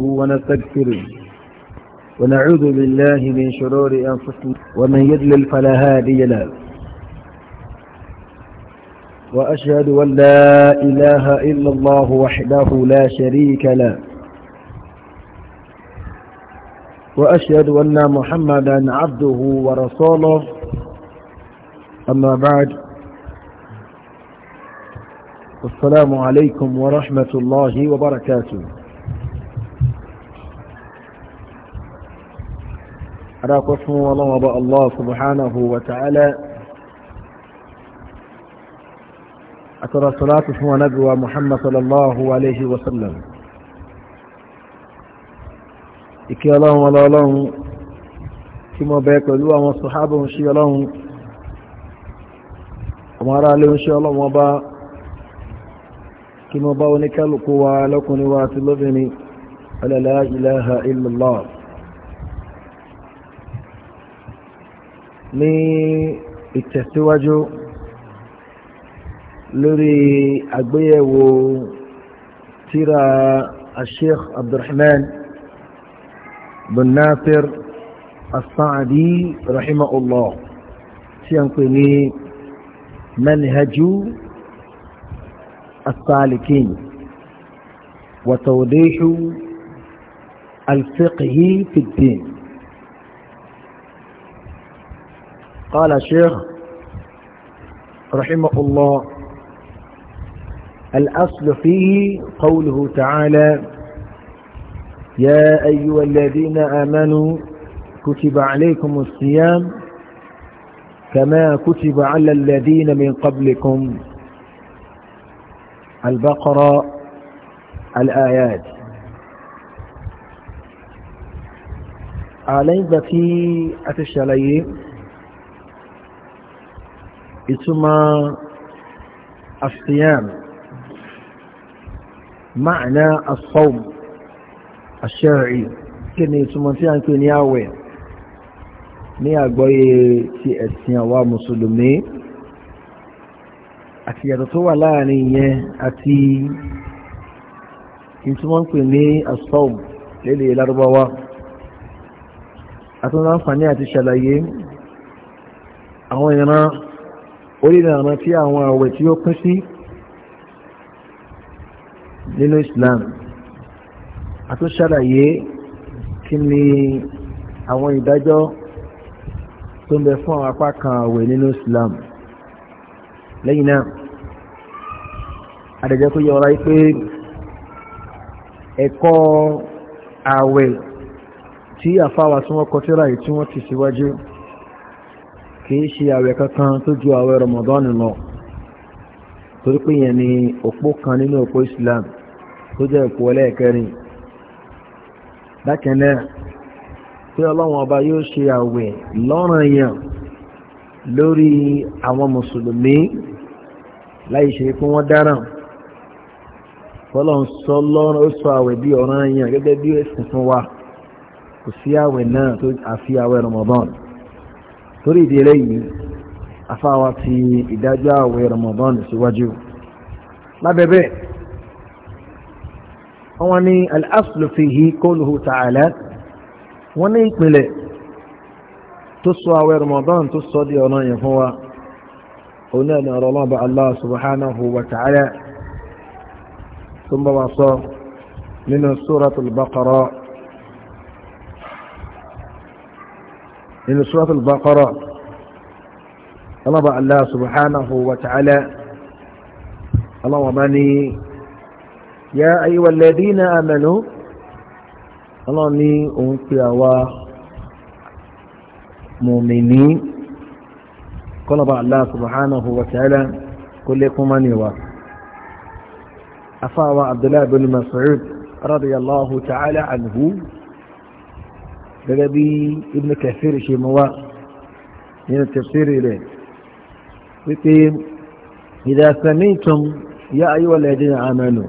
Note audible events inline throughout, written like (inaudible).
نحمده ونستغفره ونعوذ بالله من شرور أنفسنا ومن يضلل فلا هادي له وأشهد أن لا إله إلا الله وحده لا شريك له وأشهد أن محمدا عبده ورسوله أما بعد السلام عليكم ورحمة الله وبركاته adákọ́ fún ọlọ́run ọba allah subhanahu wa ta'ala àtọ́rọ̀ sọ́látù fún anábíwa muhammad sallallahu alaihi wasallam ìkẹ́ ọlọ́run ọlọ́run tí mo bẹ pẹ̀lú àwọn sọ̀hábà ń ṣe ọlọ́run ọmọ ará lè ń ṣe ọlọ́run ọba kí mo bá oníkálukú wa lọ́kùnrin wa àti lóbìnrin la ilaha illallah ní ìtẹ̀síwájú lórí àgbéyẹ̀wò tíra الشيخ عبد الرحمن بن ناصر الصعدي رحمه الله سينقني منهج السالكين وتوضيح الفقه في الدين قال الشيخ رحمه الله الأصل فيه قوله تعالى يا أيها الذين آمنوا كتب عليكم الصيام كما كتب على الذين من قبلكم البقرة الآيات عليك في أتشاليه ìtumọ̀ asiyam ma'ana asawm ash-shar'i kí ni ìtumọ̀ tí a ń pè ní àwẹ̀ ní àgbọ́yé ti ẹ̀sìn àwa mùsùlùmí àti yàtọ̀ tó wà láàrin yẹn àti ìtumọ̀ ń pè ní asawm lélẹ̀ lárúbáwá àtúnláǹfààní àti ṣàlàyé àwọn ìran orílẹ̀-èdè tí àwọn àwẹ̀ tí ó pín sí nínú Islam àtúnṣàlàyé kí ni àwọn ìdájọ́ tó ń bẹ fún àwọn apá kan àwẹ̀ nínú Islam lẹ́yìn náà àdẹ̀jẹ́ kó yọ ọ́ra pé ẹ̀kọ́ àwẹ̀ tí àfáwà tí wọ́n kọ tí wọ́n ti síwájú. Si kìí ṣe àwẹ̀ kankan tó ju àwẹ̀ Ramadan lọ torí pé yẹn ni òpó kan nínú òpó Islam tó jẹ́ òpó ẹlẹ́ẹ̀kẹrin bákan náà pé ọlọ́run ọba yóò ṣe àwẹ̀ lọ́ranyàn lórí àwọn mùsùlùmí láì ṣe pé wọ́n dáràn fọlọ́n sọ lọ́rùn ó sọ àwẹ̀ bí ọ̀ranyàn gẹ́gẹ́ bí ẹ̀sìn fún wa kò sí àwẹ̀ náà tó àfi àwẹ̀ Ramadan torí ìdí eléyìí afáwa ti ìdájọ́ àwẹ̀ Ramadan síwájú lábẹ́bẹ́ wọ́n ní al-aslu fihi qawluhu ta'ala wọ́n ní ìpìlẹ̀ tó sọ àwẹ̀ Ramadan tó sọ di ọ̀nà yẹn fún wa òun náà ọ̀rọ̀ ọlọ́ọ̀bà Allah subhanahu wa ta'ala tó ń bá wa sọ nínú suratul Baqara nínú suratul Baqara ọlọ́ba Allah subhanahu wa ta'ala ọlọ́wọ́n bá ní ya ayyuhal ladina amanu ọlọ́run ní òun pe àwa mùmìnì kọ́lọ́ba Allah subhanahu wa ta'ala kó lékún mọ́ ni wa afáwa Abdullahi bin Mas'ud radiyallahu ta'ala anhu gẹ́gẹ́ bí Ibn Kathir ṣe mọ́ wá nínú tafsiri rẹ̀ wípé idha sami'tum ya ayyuhal ladhina amanu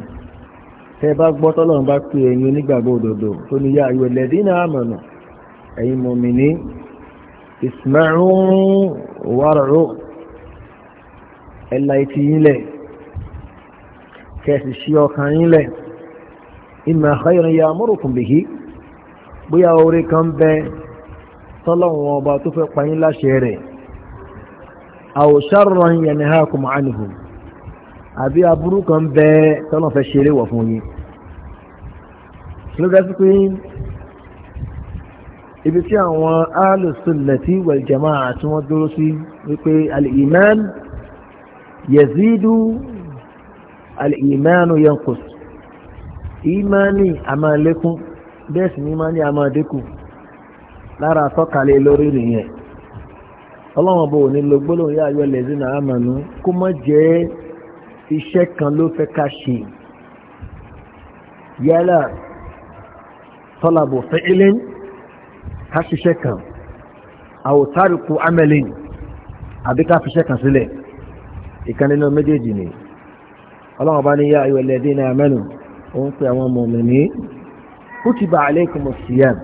tẹ́ bá gbọ́ tọ́lọ́run bá pè ẹ̀yin onígbàgbọ́ òdodo tó ní ya ayyuhal ladhina amanu ẹ̀yin mọ̀mìnì isma'u war'u ẹ̀la ìtì yín lẹ̀ kẹ̀sì sí ọkàn yín lẹ̀ inna khayran ya'murukum bihi bóyá orí kan bẹ tọ́lọ́wọ́n ọba tó fẹ́ payín láṣẹ rẹ̀ aw sharran yanhakum anhu àbí aburú kan bẹ tọ́lọ́wọ́n fẹ́ ṣeré wọ̀ fún yín ló dá sí pé ibi tí àwọn alùsùlẹ̀tì wal jamaa tí wọ́n dúró sí wípé al-iman yazidu al-imanu yanqus imani amalekun bẹ́ẹ̀ sì ní máa ní àmà dínkù lára àtọ́kalẹ̀ lórí nìyẹn ọlọ́wọ́n bò ní lo gbólóhùn yá ayọ́ lẹ́sìn náà àmànú kó má jẹ́ iṣẹ́ kan ló fẹ́ ká ṣe yálà tọ́làbò fẹ́ẹ́lẹ́n ká ṣiṣẹ́ kan àwòtárìkù amẹ́lẹ́n àbí ká fiṣẹ́ kan sílẹ̀ ìkan méjèèjì ni ọlọ́wọ́n bá ní yá ayọ́ lẹ́sìn náà àmànú kutiba alaykum as-siyam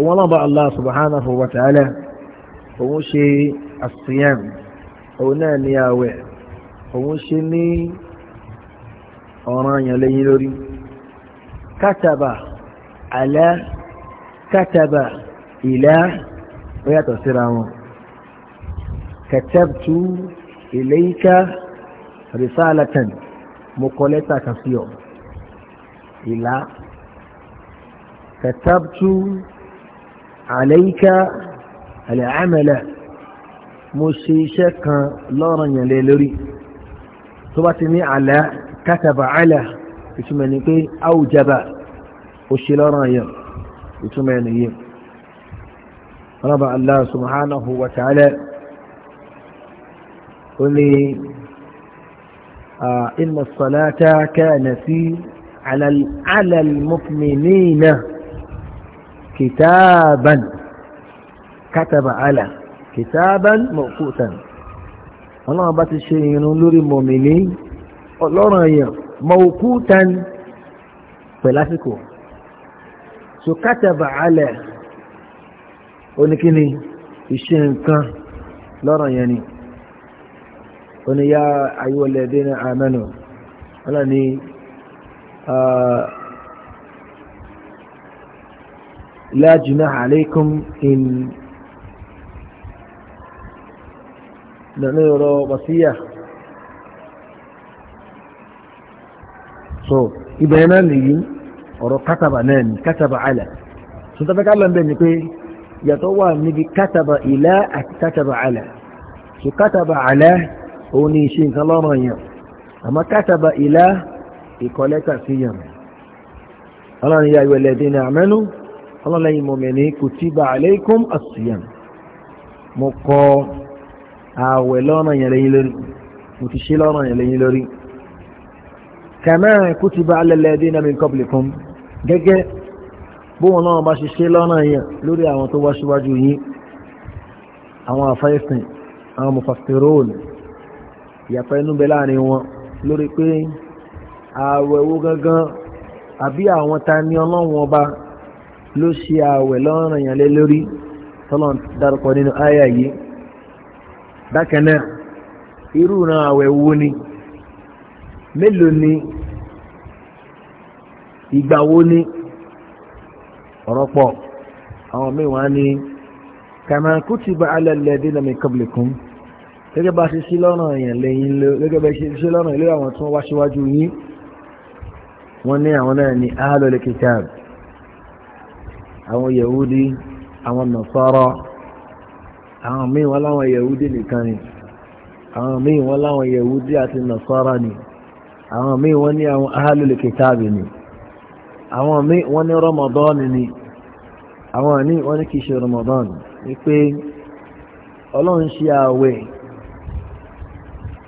òun náà bá allah subhanahu wa ta'ala òun ṣe as-siyam òun náà ní àwẹ̀ òun ṣe ní ọ̀ràn yẹn lẹ́yìn lórí kataba ala kataba ila ó yàtọ̀ síra wọn katabtu ilayka risalatan mo kọ lẹ́tà كتبت عليك العمل مسيسك لارن يليلري تبتني على كتب على يتمنيك أوجب وشلارايا يتمنيك رب الله سبحانه وتعالى قلني إن الصلاة كانت في على المؤمنين kìtàbàn kátàbà àlà kìtàbàn mọ̀kútàn ọlọ́run bá ti ṣe irun lórí mọ̀mìnì ọlọ́run èèyàn mọ̀kútàn pẹ̀lásìkò so kátàbà àlà oníkíni ìṣe nǹkan lọ́rọ̀ yẹn ni oníyá ayéwọlẹ́dẹ́nà àmẹ́nu ọlọ́ni لا جناح عليكم إن نرى وصية so ìbẹ̀rẹ̀ náà nìyí ọ̀rọ̀ kátàbà náà ni kátàbà àlà so tàbí ká lọ́nbẹ̀ ni pé yàtọ̀ wà níbi kátàbà ìlà àti kátàbà àlà so kátàbà àlà òun ni ìṣe nǹkan lọ́rọ̀ yẹn àmọ́ kátàbà ìlà ìkọlẹ́kà sí yẹn ọlọ́run yà yọ ẹlẹ́dínlẹ́ àmẹ́nu ọlọ́lẹ́yìn mọ̀mẹ́ni kutiba alaykum as-siyam mo kọ ààwẹ̀ lọ́nà yẹn lẹ́yìn lórí mo ti ṣe lọ́nà yẹn lẹ́yìn lórí kama kutiba ala alladhina min qablikum gẹ́gẹ́ bóun náà bá ṣe ṣe lọ́nà yẹn lórí àwọn tó wá síwájú yín àwọn àfẹ́sìn àwọn mufassiróòlù ìyàtọ̀ inú bẹ láàrin wọn lórí pé ààwẹ̀ wo gangan àbí àwọn ta ni ọlọ́run ọba ló ṣe àwẹ̀ lọ́rùn èèyàn lé lórí tọ́lọ́n dárúkọ nínú àyà yìí bákan náà irú ìran àwẹ̀ wo ni mélòó ni ìgbà wo ni ọ̀rọ̀ pọ̀ àwọn mẹ́wàá ni kàmá kutiba ala alladhina min qablikum gẹ́gẹ́ bá ṣe sí lọ́rùn èèyàn lẹ́yìn gẹ́gẹ́ bá ṣe sí lọ́rùn ilé àwọn tí wá síwájú yín wọ́n ní àwọn náà ni ahlul kitab àwọn yahudi àwọn nasara àwọn míì wọn láwọn yahudi nìkan ni àwọn míì wọn láwọn yahudi àti nasara ni àwọn míì wọn ní àwọn ahalul kitabi ni àwọn míì wọn ní ramadan ni àwọn míì wọn ní kì ramadan ni pé ọlọ́run ṣe ààwẹ̀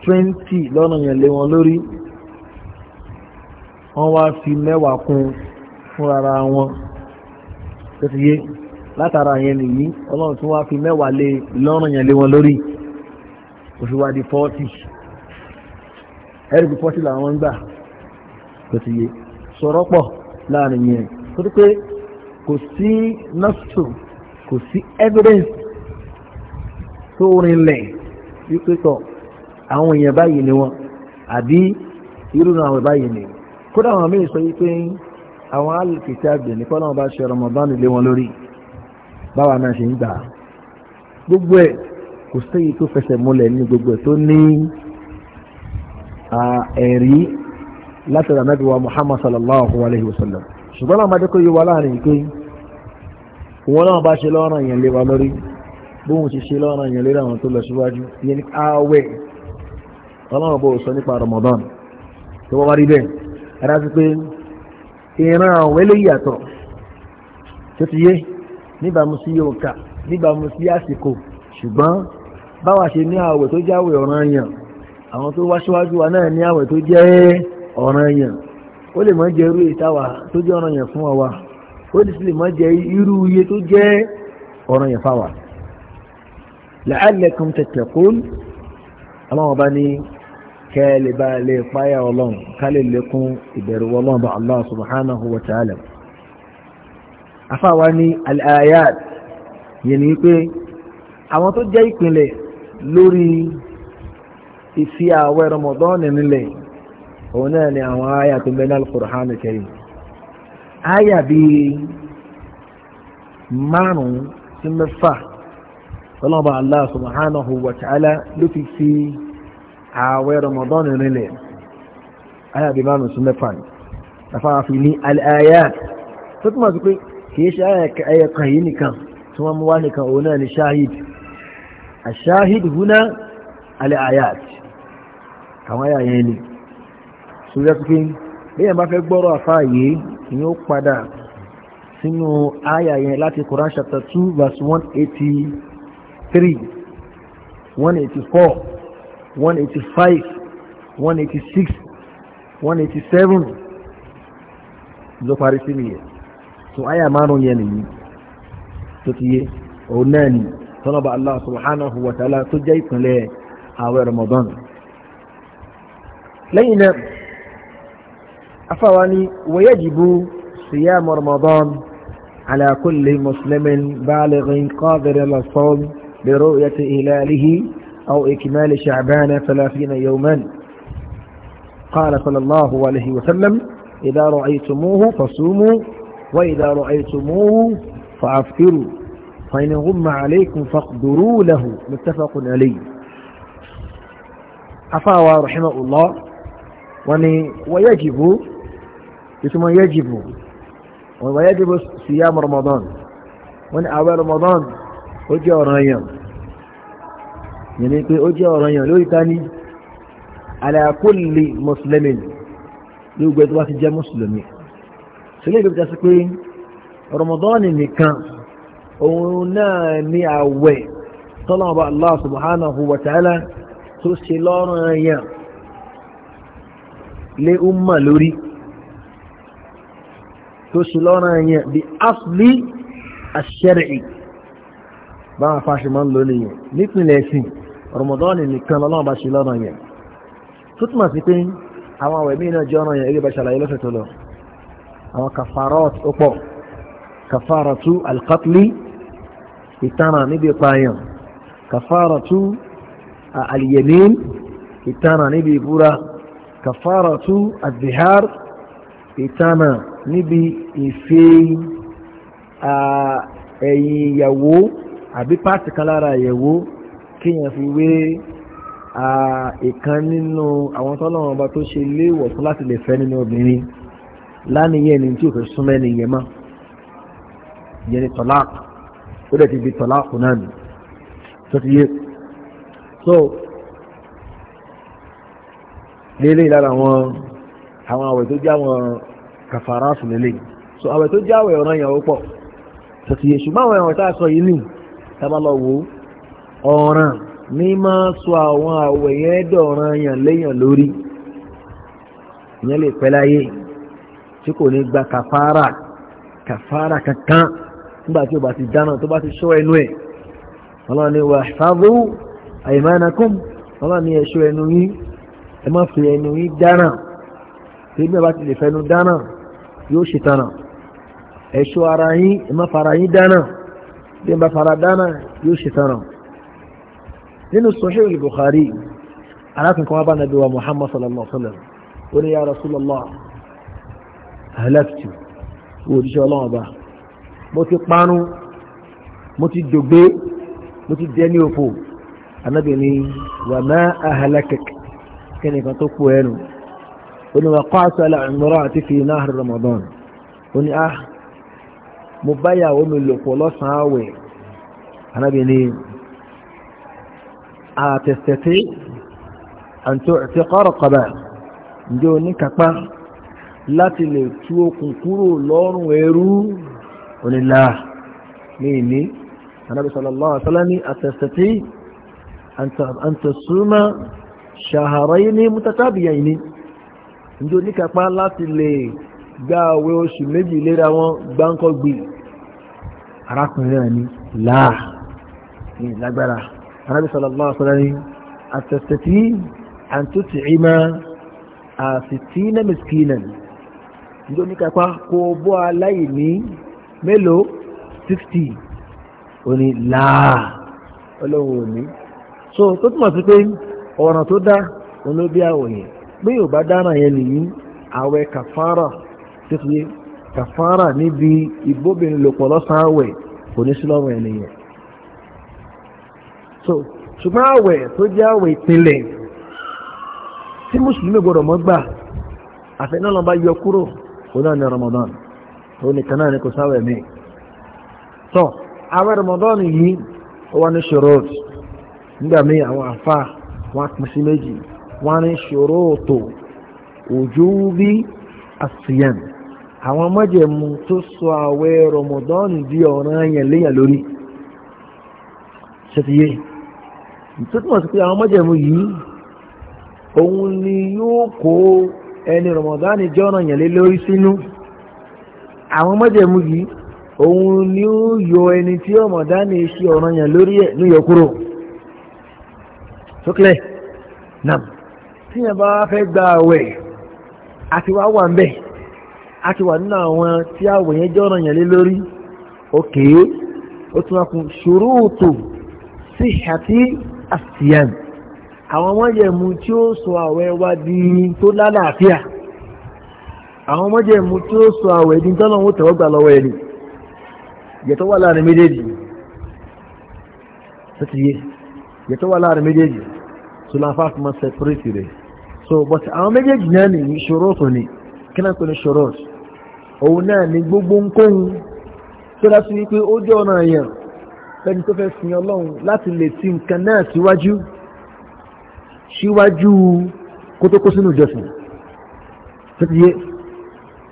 twenty lọ́nà yẹn lé wọn lórí wọ́n wá fi mẹ́wàá kún fúnra wọn tó ti yé látara yẹn nìyí ọlọ́run tún wá fi mẹ́wàá lé lọ́rùn yẹn lé wọn lórí kò fi wá di fọ́ọ̀tì ẹ̀rìkì fọ́ọ̀tì làwọn ń gbà tó ti yé sọ̀rọ̀ pọ̀ láàrin yẹn tó ti pé kò sí nọ́ọ̀sù kò sí evidence tó rinlẹ̀ wípé tọ̀ àwọn èèyàn báyìí ni wọn àbí irú àwọn báyìí ni kódà àwọn míì sọ wípé àwọn alìkìtàbì ní kọ́lọ́wọ́n bá ṣe Ramadan lé wọn lórí báwa náà ṣe ń gbà gbogbo ẹ̀ kò séyìí tó fẹsẹ̀ múlẹ̀ ní gbogbo ẹ̀ tó ní ẹ̀rí látara nàbí wa Muhammad sallallahu alayhi wa sallam ṣùgbọ́n àwọn amadé kò yí wa láàrin pé wọn náà bá ṣe lọ́rọ̀ yẹn lé wa lórí bóun ti ṣe lọ́rọ̀ yẹn lórí àwọn tó lọ síwájú yẹn ní ààwẹ̀ ọlọ́run bó sọ nípa Ramadan tó wọ́n wá rí bẹ́ẹ̀ ẹ̀rá sí pé ìran àwọn eléyìí yàtọ̀ tó ti yé níbàámu sí òǹkà níbàámu sí àsìkò ṣùgbọ́n báwa ṣe ní àwẹ̀ tó jáwẹ̀ ọ̀ràn yàn àwọn tó wá síwájú wa náà ní àwẹ̀ tó jẹ́ ọ̀ràn yàn ó lè má jẹ́ irú ìtawà tó jẹ́ ọ̀ràn yàn fún wa ó lè sì lè má irú iye tó jẹ́ ọ̀ràn yàn fáwa. la'allakum tattaqun àwọn ọba ní kẹ́ẹ̀lẹ̀ bá lè páyà ọlọ́run kálẹ̀ lékún ìbẹ̀rù ọlọ́run bá Allah subhanahu wa ta'ala afáwa ní al-ayat yẹn ni pé àwọn tó jẹ́ ìpìnlẹ̀ lórí ìfi àwẹ̀ Ramadan nílẹ̀ òun náà ni àwọn àyà tó bẹ ní al-Qur'an àyà bíi márùn-ún sí mẹ́fà ọlọ́run bá Allah subhanahu wa ta'ala ló fi fi ààwẹ̀ ramadan rinlẹ̀ ayà bí mẹ́fà ní afára ní al'ayat tó túnmọ̀ sí pé kìí ṣe kan yìí nìkan tí wọ́n mú wá nìkan òun náà ni shahid a shahid huna al'ayat àwọn ayà yẹn ni so yẹ pé bí yẹn bá fẹ́ gbọ́rọ̀ afá yìí ni ó padà sínú ayà yẹn láti Quran chapter 2 verse 183 184 185 186 187 ló parí sí nìyẹn so àyà márùn yẹn nìyí tó ti yé òun náà ni tọ́lọ́ba Allah subhanahu wa ta'ala tó jẹ́ ìpínlẹ̀ ààwẹ̀ Ramadan lẹ́yìn náà afáwa ni wayajibu صيام رمضان على كل مسلم بالغ قادر على الصوم برؤية هلاله أو إكمال شعبان ثلاثين يوما قال صلى الله عليه وسلم إذا رأيتموه فصوموا وإذا رأيتموه فأفطروا فإن غم عليكم فاقدروا له متفق عليه أفاوى رحمه الله ويجب ثم يجب ويجب صيام رمضان وأن أول رمضان وجه رمضان yẹn ni pé ó jẹ́ ọ̀ranyàn lórí tání ala kulli muslimin ní gbogbo ẹ̀dọ́ wá ti jẹ́ mùsùlùmí sílẹ̀ ìgbẹ́ bíjá sí pé rọmọdọ́ọ̀nì nìkan òun náà ní àwẹ̀ tọ́lọ́mọba Allah subhanahu wa ta'ala tó ṣe lọ́rùn ẹ̀yàn lé umma lórí tó ṣe lọ́rùn ẹ̀yàn bí asli ash-shar'i báwọn afáṣe máa ń lò nìyẹn nípìnlẹ̀ ẹ̀sìn Ramadan nìkan lọ́nà bá ṣe lọ́nà yẹn tó túmọ̀ sí pé àwọn àwẹ̀ míì náà jẹ́ ọ̀nà yẹn gẹ́gẹ́ bá ṣàlàyé lọ́sẹ̀ tó lọ àwọn kafarot ó pọ̀ kafaratu alkatli ìtara níbi ìpààyàn kafaratu aliyemin ìtara níbi ìbúra kafaratu azihar ìtara níbi ìfẹ́ ẹ̀yìn ìyàwó àbí pàtì kan lára ìyàwó kéèyàn fi wé ìkan nínú àwọn tọ́lọ́run ọba tó ṣe léèwọ̀ fún láti lè fẹ́ nínú obìnrin lánìyẹn ni tí ò fẹ́ súnmọ́ ẹni mọ́ ìyẹn ni tọ́lák ó dẹ̀ ti di tọ́lák náà nì tó ti yé so lélẹ́yìn lára àwọn àwọn àwẹ̀ tó jẹ́ àwọn kàfàrà sùn lélẹ́yìn so àwẹ̀ tó jẹ́ àwẹ̀ ọ̀ràn yẹn ó pọ̀ tó ti yé ṣùgbọ́n àwọn ẹ̀wọ̀n tá a sọ yìí nì tá ọ̀ràn ní máa sọ àwọn àwẹ̀ yẹn dọ̀ràn yàn léyàn lórí ìyẹn lè pẹ́ láyé tí kò ní gba kàfàrà kàfàrà kankan nígbà tí o bá ti dáná tó bá ti ṣọ́ ẹnu ẹ̀ Allah ni wà fàbú àìmánakùn Allah ni ẹ̀ṣọ́ ẹnu yín ẹ má fi ẹnu yín dáná tí bí ẹ bá ti lè fẹnu dáná yóò ṣe tánà ẹ̀ṣọ́ ara yín ẹ má fara yín dáná bí ẹ bá fara dáná yóò ṣe tánà nínú Sahih al-Bukhari arákùnrin kan wá bá nàbí wa Muhammad sallallahu alaihi wa sallam ó ní ya Rasulullah halaktu wo òjíṣẹ́ ọlọ́wọ́n bá mo ti parun mo ti dògbé mo ti dẹni òfò anábì ní wà má ahalakak kí nìkan tó po ẹnu ó ní wà kọ́ àṣọ àlàmúrọ̀ àti fi náà Ramadan ó ní ah mo báyàwó mi lò pọ̀ lọ́sàn-án àwẹ̀ anábì ní àtẹ̀sẹ̀tẹ̀ àti ọ̀tẹ̀kọ́rọ̀ kọ̀bà ǹjẹ́ oníkápá láti lè tú okùn kúrò lọ́rùn ẹrú onílà ní ìní anábì sallallahu alaihi wasallam ní àtẹ̀sẹ̀tẹ̀ àti súnmọ́ shaharaini mutatabiyaini ǹjẹ́ oníkápá láti lè gba àwẹ̀ oṣù méjì léra wọn gbáǹkọ́ arákùnrin náà ní láà ní ìlágbára anábì sallallahu alaihi wasallam ní àtẹ̀sẹ̀tì àtúntì ìmọ̀ àfìtínà mìskínà ìjọ ní kápá kó bọ́ aláìní mélòó 60 òní láà ọlọ́run òní so tó túmọ̀ sí pé ọ̀ràn tó dá olóbi àwòyìn pé yóò bá dára yẹn nìyí àwẹ̀ kàfàrà títí kàfàrà níbi ìbóbìnrin lòpọ̀ lọ́sàn-án àwẹ̀ kò ní sí lọ́rùn ẹ̀ nìyẹn so ṣùgbọ́n àwẹ̀ tó jẹ́ àwẹ̀ ìpínlẹ̀ tí mùsùlùmí gbọ́dọ̀ mọ́ gbà àfẹ́nà lọ́ba yọ kúrò òun náà ní Ramadan tó nìkan náà ní kò sáwẹ̀ mi tọ́ àwẹ̀ Ramadan yìí ó wá ní ṣòròt nígbà míì àwọn àfa wọn pín sí méjì wọn ní ṣòròtò òjò bí àṣìyàn àwọn mọ́jẹ̀mú tó sọ àwẹ̀ Ramadan di ọ̀ràn yẹn léyàn lórí ṣe ti yé tó túmọ̀ sí pé àwọn májẹ̀mú yìí òun ni yóò kó ẹni rọmọdánì jọ́nà yàn lé lórí sínú àwọn májẹ̀mú yìí òun ni ó yọ ẹni tí rọmọdánì ṣe ọ̀ràn yàn lórí ẹ̀ ní yọkúrò sókè tí yẹn bá fẹ́ gba àwẹ̀ àti wá wà ń àti wà nínú àwọn tí àwẹ̀ yẹn jọ́nà lé lórí òkè ó tún asiyam àwọn mọ́jẹ̀mú tí ó sọ wa di tó lálàáfíà àwọn mọ́jẹ̀mú tí ó sọ àwẹ̀ di tọ́lọ́wọ́ tẹ̀wọ́gbà lọ́wọ́ ẹni yẹ̀tọ́ wà láàrin méjèèjì tó ti yé yẹ̀tọ́ wà láàrin méjèèjì tó láfáà fi máa sẹpẹ́rẹ́tì rẹ̀ so but àwọn méjèèjì náà ni ìṣòro tó ní kí náà pẹ̀lú ìṣòro òun náà gbogbo nkóhun tó dá sí wípé ó ọ̀nà àyàn fẹ́ni tó fẹ́ sin ọlọ́run láti lè ti nǹkan náà síwájú síwájú kó tó kó sínú ìjọsìn tó ti yé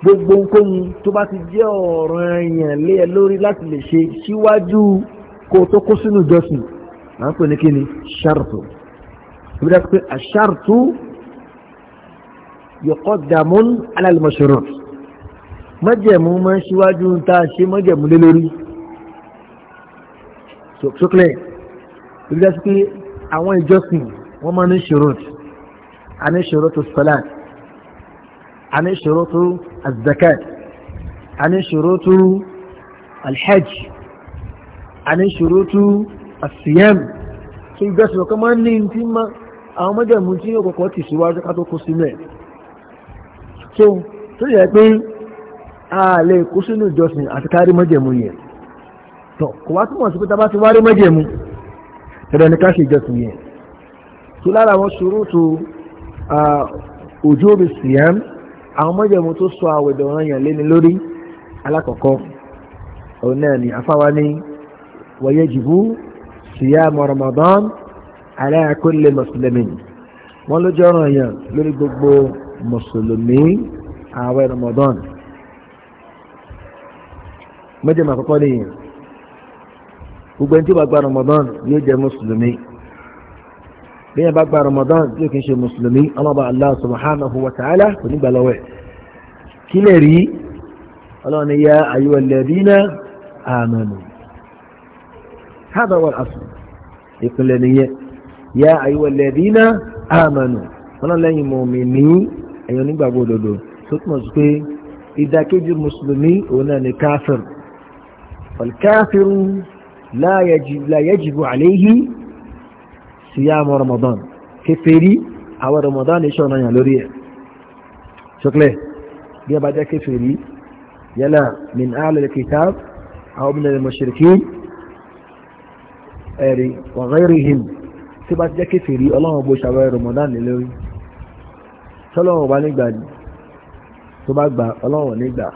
gbogbo ohunkóhun tó bá ti jẹ́ ọ̀ranyàn lé ẹ lórí láti lè ṣe síwájú kó tó kó sínú ìjọsìn à ń pè ní kíni ṣàrùtù tó bí pé àṣàrùtù yọkọ dààmú alálùmọ̀ṣọ̀rọ̀ májẹ̀mú máa ń síwájú ń tá ṣe májẹ̀mú lé lórí sókèlè ibi dá sí pé àwọn ìjọsìn wọ́n máa ní ṣòro a ní ṣòro tó salat a ní ṣòro tó azakat a ní ṣòro tó alhaj a ní ṣòro tó asiyam tó ìjọsìn ọ̀kan máa ní ní tí àwọn mọ́jọ̀mú tí yóò kọ̀kọ́ ti síwájú ká tó kó sílẹ̀ tó yẹ pé a lè kó sínú ìjọsìn àti kárí mọ́jọ̀mú yẹn tọ̀ kò wá túmọ̀ sí pé tá a bá ti wárí májẹ̀mú ẹ̀rọ ní ká ṣe ìjọsìn yẹn tó lára àwọn ṣòrótò ojú omi siyam àwọn májẹ̀mú tó sọ àwẹ̀dọ̀ ọ̀ràn yàn léni lórí alákọ̀ọ́kọ́ òun náà ni afáwa ní wa yajibu siyam Ramadan ala kulli muslimin wọ́n ló jẹ́ ọ̀ràn yàn lórí gbogbo mùsùlùmí àwẹ̀ Ramadan májẹ̀mú àkọ́kọ́ nìyẹn gbogbo ẹni tí ó bá gba Ramadan yóò jẹ́ mùsùlùmí bí yẹn bá gba Ramadan tí ó kì í ṣe mùsùlùmí ọlọ́ba Allah subhanahu wa ta'ala kò ní gbà lọ́wọ́ ẹ̀ kí lè rí ọlọ́run ni yá ayuwa alladhina amanu hadha wal asl ìpínlẹ̀ nìyẹn yá ayuwa alladhina amanu ọlọ́run lẹ́yìn mùmínì ẹ̀yọ́ nígbàgbọ́ òdodo tó túmọ̀ sí pé ìdàkejì mùsùlùmí òun náà ni káfíìr la yajibu alayhi siyamu ramadan kèfèrí àwọn ramadan iṣẹ́ ọ̀nà yàn lórí ẹ̀ ṣọ́kẹ́lẹ̀ bí a bá jẹ́ kèfèrí yálà min alal kitab aw min al mushrikin ẹ̀rí wa ghayrihim tí bá jẹ́ kèfèrí ọlọ́run bó ṣàwẹ́ ramadan lè lórí ṣọ́lọ́run bá nígbà ni tó bá gbà ọlọ́run nígbà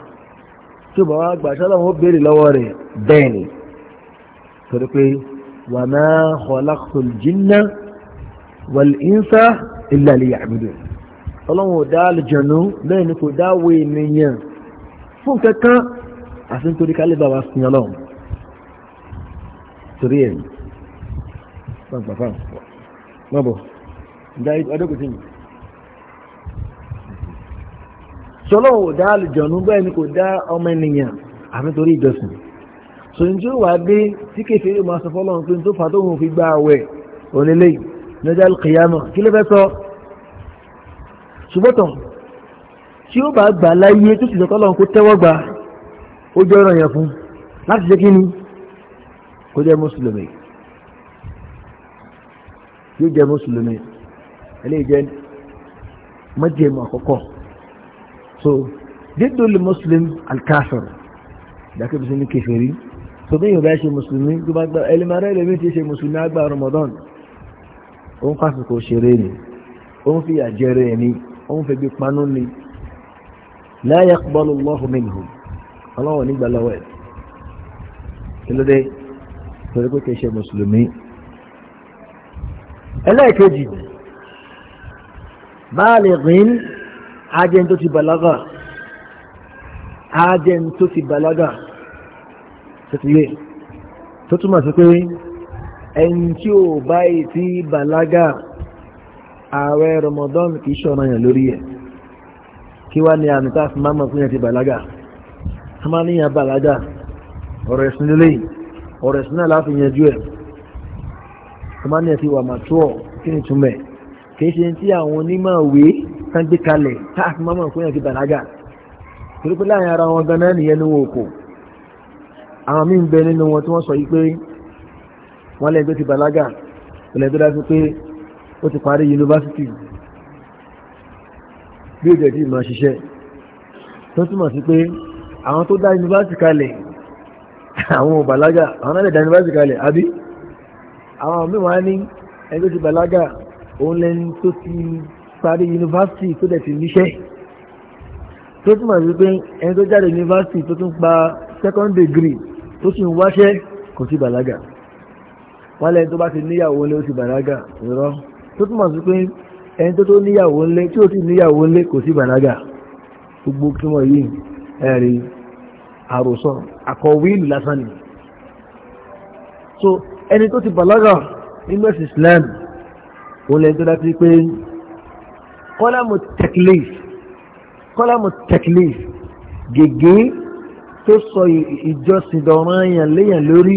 tó bá wá gbà ṣọ́lọ́run ó béèrè lọ́wọ́ rẹ̀ bẹ́ẹ̀ ni torí pé wa ma khalaqtul jinna wal insa illa liya'budun ọlọ́run ò dá àlùjànnú bẹ́ẹ̀ ni kò dáwọ́ ènìyàn fún kankan àti nítorí kálíbà wa sin ọlọ́run torí ẹ̀ gbàgbà fáwọn mọ́bọ̀ ọdún kò sí mi kò dá ọmọ ènìyàn àti nítorí ìjọsìn sòyìn tí ó wà dé tí kèfèrí yóò máa sọ fọ́lọ́run pé tó fà tó hùn fi gba àwẹ̀ òlélẹ̀ lọ́jọ́ alkiyama kí ló fẹ́ sọ ṣùgbọ́tàn tí ó bá gbà láyé tó sì sọ kọ́lọ́run kó tẹ́wọ́ gbà ó jẹ́ ọ̀rọ̀ yẹn fún láti ṣe kí ni kó jẹ́ mùsùlùmí yóò jẹ́ mùsùlùmí eléyìí jẹ́ májèmọ̀ àkọ́kọ́ so dídùn lè mùsùlùmí alkafir dákẹ́bí sí ní kèfèrí sọdún yóò bá ṣe mùsùlùmí tó bá gbá ẹlẹ́mọ̀rẹ́ lèmi ti ṣe mùsùlùmí àgbà Ramadan ó ń fásitì òṣèré ni ó ń fi àjẹrẹ ẹni ó ń febi panú ni la yaqbalu Allahu minhum ọlọ́wọ́ nígbà lọ́wọ́ ẹ̀ kílódé torí pé kì í ṣe ti balaga ajẹ́ tó ti balaga ṣètìlẹ̀ tó túmọ̀ sí pé ẹni tí ò báyìí tí balaga ààrẹ Ramadan kì í ṣọ̀nà yàn lórí ẹ̀ kí wá ní àmì tá a fi máa mọ̀ fún yẹn ti bàlágà a máa níyàn bàlágà ọ̀rọ̀ ẹ̀sìn lélẹ́yìn ọ̀rọ̀ ẹ̀sìn náà láti yanjú ẹ̀ a máa níyàn ti wà màtúọ̀ kí ni túmẹ̀ kìí ṣe tí àwọn onímọ̀ òwe tán kalẹ̀ tá a fi máa mọ̀ fún yẹn ti bàlágà torí láàrin ara wọn gan náà nìyẹn ní wọn kò àwọn míì ń bẹ nínú wọn tí wọ́n sọ yìí pé wọ́n lẹ́gbẹ́ ti bàlágà ilẹ̀ tó dájú pé ó ti parí yunifásitì bí òjò tí ìmọ̀ ṣiṣẹ́ tó túmọ̀ sí pé àwọn tó dá yunifásitì kalẹ̀ àwọn ò bàlágà àwọn náà lè dá yunifásitì kalẹ̀ àbí àwọn míì wọ́n á ní ẹgbẹ́ ti bàlágà òun lẹ́ni tó ti parí yunifásitì tó dẹ̀ ti níṣẹ́ tó túmọ̀ sí pé ẹni tó jáde yunifásitì tó tún pa second degree tó sì ń wáṣẹ́ kò sí bàlágà wọ́n lẹ́yìn tó bá ti níyàwó ńlé ó ti bàlágà irọ́ tó túmọ̀ sí pé ẹni tó tó níyàwó ńlé tí ó ti níyàwó ńlé kò sí bàlágà gbogbo kí wọ́n yìí ẹ̀rí àròsọ àkọ̀wé ìlú lásán ni so ẹni tó ti bàlágà nínú ẹ̀sìn Islam òun lẹ́yìn tó dá sí pé kọ́lámù tẹ̀klif kọ́lámù tẹ̀klif gègé tó sọ ìjọsìn dọ̀ràn yàn léyàn lórí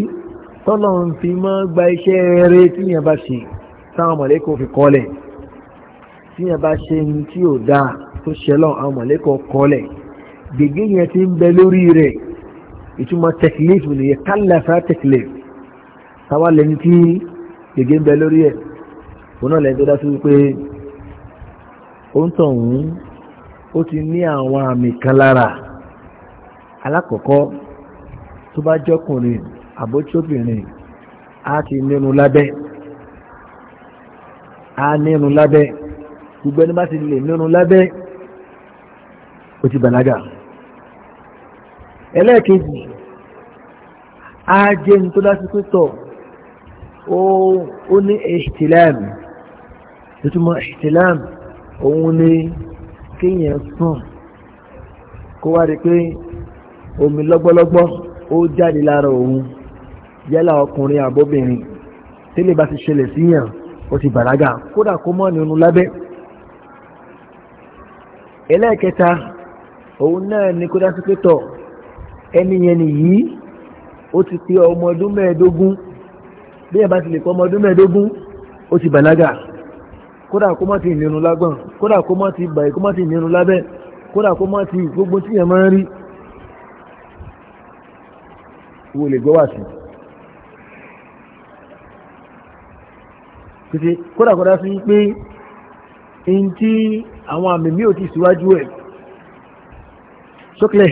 tọ́lọ̀ ń fi máa gba iṣẹ́ rere tíyàn bá ṣe táwọn mọ̀lẹ́kọ̀ọ́ fi kọ́lẹ̀ tíyàn bá ṣe ní tí ò dáa tó ṣẹlọ̀ àwọn mọ̀lẹ́kọ̀ọ́ kọ́lẹ̀ gègé yẹn ti ń bẹ lórí rẹ̀ ìtumọ̀ tẹ̀kìlìf nìyẹn kálàfà tẹ̀kìlìf táwa lẹ́ni tí gègé ń bẹ lórí ẹ̀ òun náà lẹ́ni tó dá sí ó ń tọ̀ òun ó ti ní àwọn àmì kan lára alákọ̀ọ́kọ́ tó bá jọ́kùnrin àbótóbìnrin á ti nínú lábẹ́ á nínú lábẹ́ gbogbo ẹni bá ti lè nínú lábẹ́ ó ti bàlágà ẹlẹ́ẹ̀kejì á jẹ́ ní tó lásìkò tọ̀ ó ní ìhtìlámù ìtumọ̀ ìhtìlámù òun ni kéèyàn sùn kó wá rí pé omi lọ́gbọ́lọ́gbọ́ ó jáde lára òun yálà ọkùnrin àbóbìnrin tẹ́lẹ̀ bá ti ṣẹlẹ̀ síyàn ó ti bàlágà kódà kó mọ́ ní ọnu lábẹ́ ẹlẹ́ẹ̀kẹta òun náà ni kó dásí pé tọ̀ ẹni yẹn nìyí ó ti pé ọmọ ọdún mẹ́ẹ̀ẹ́dógún bí ẹ bá ti lè pọ́ ọmọ ọdún mẹ́ẹ̀ẹ́dógún ó ti bàlágà kódà kó mọ́ ti nínú lágbọ̀n kódà kó mọ́ ti bàyí kó mọ́ ti nínú lábẹ́ kódà kó mọ́ ti gbogbo tíyẹn máa ń rí wo lè gbọ́ wà sí títí kódàkódà sí pé in tí àwọn àmì mi ò ti síwájú ẹ̀ sókèlè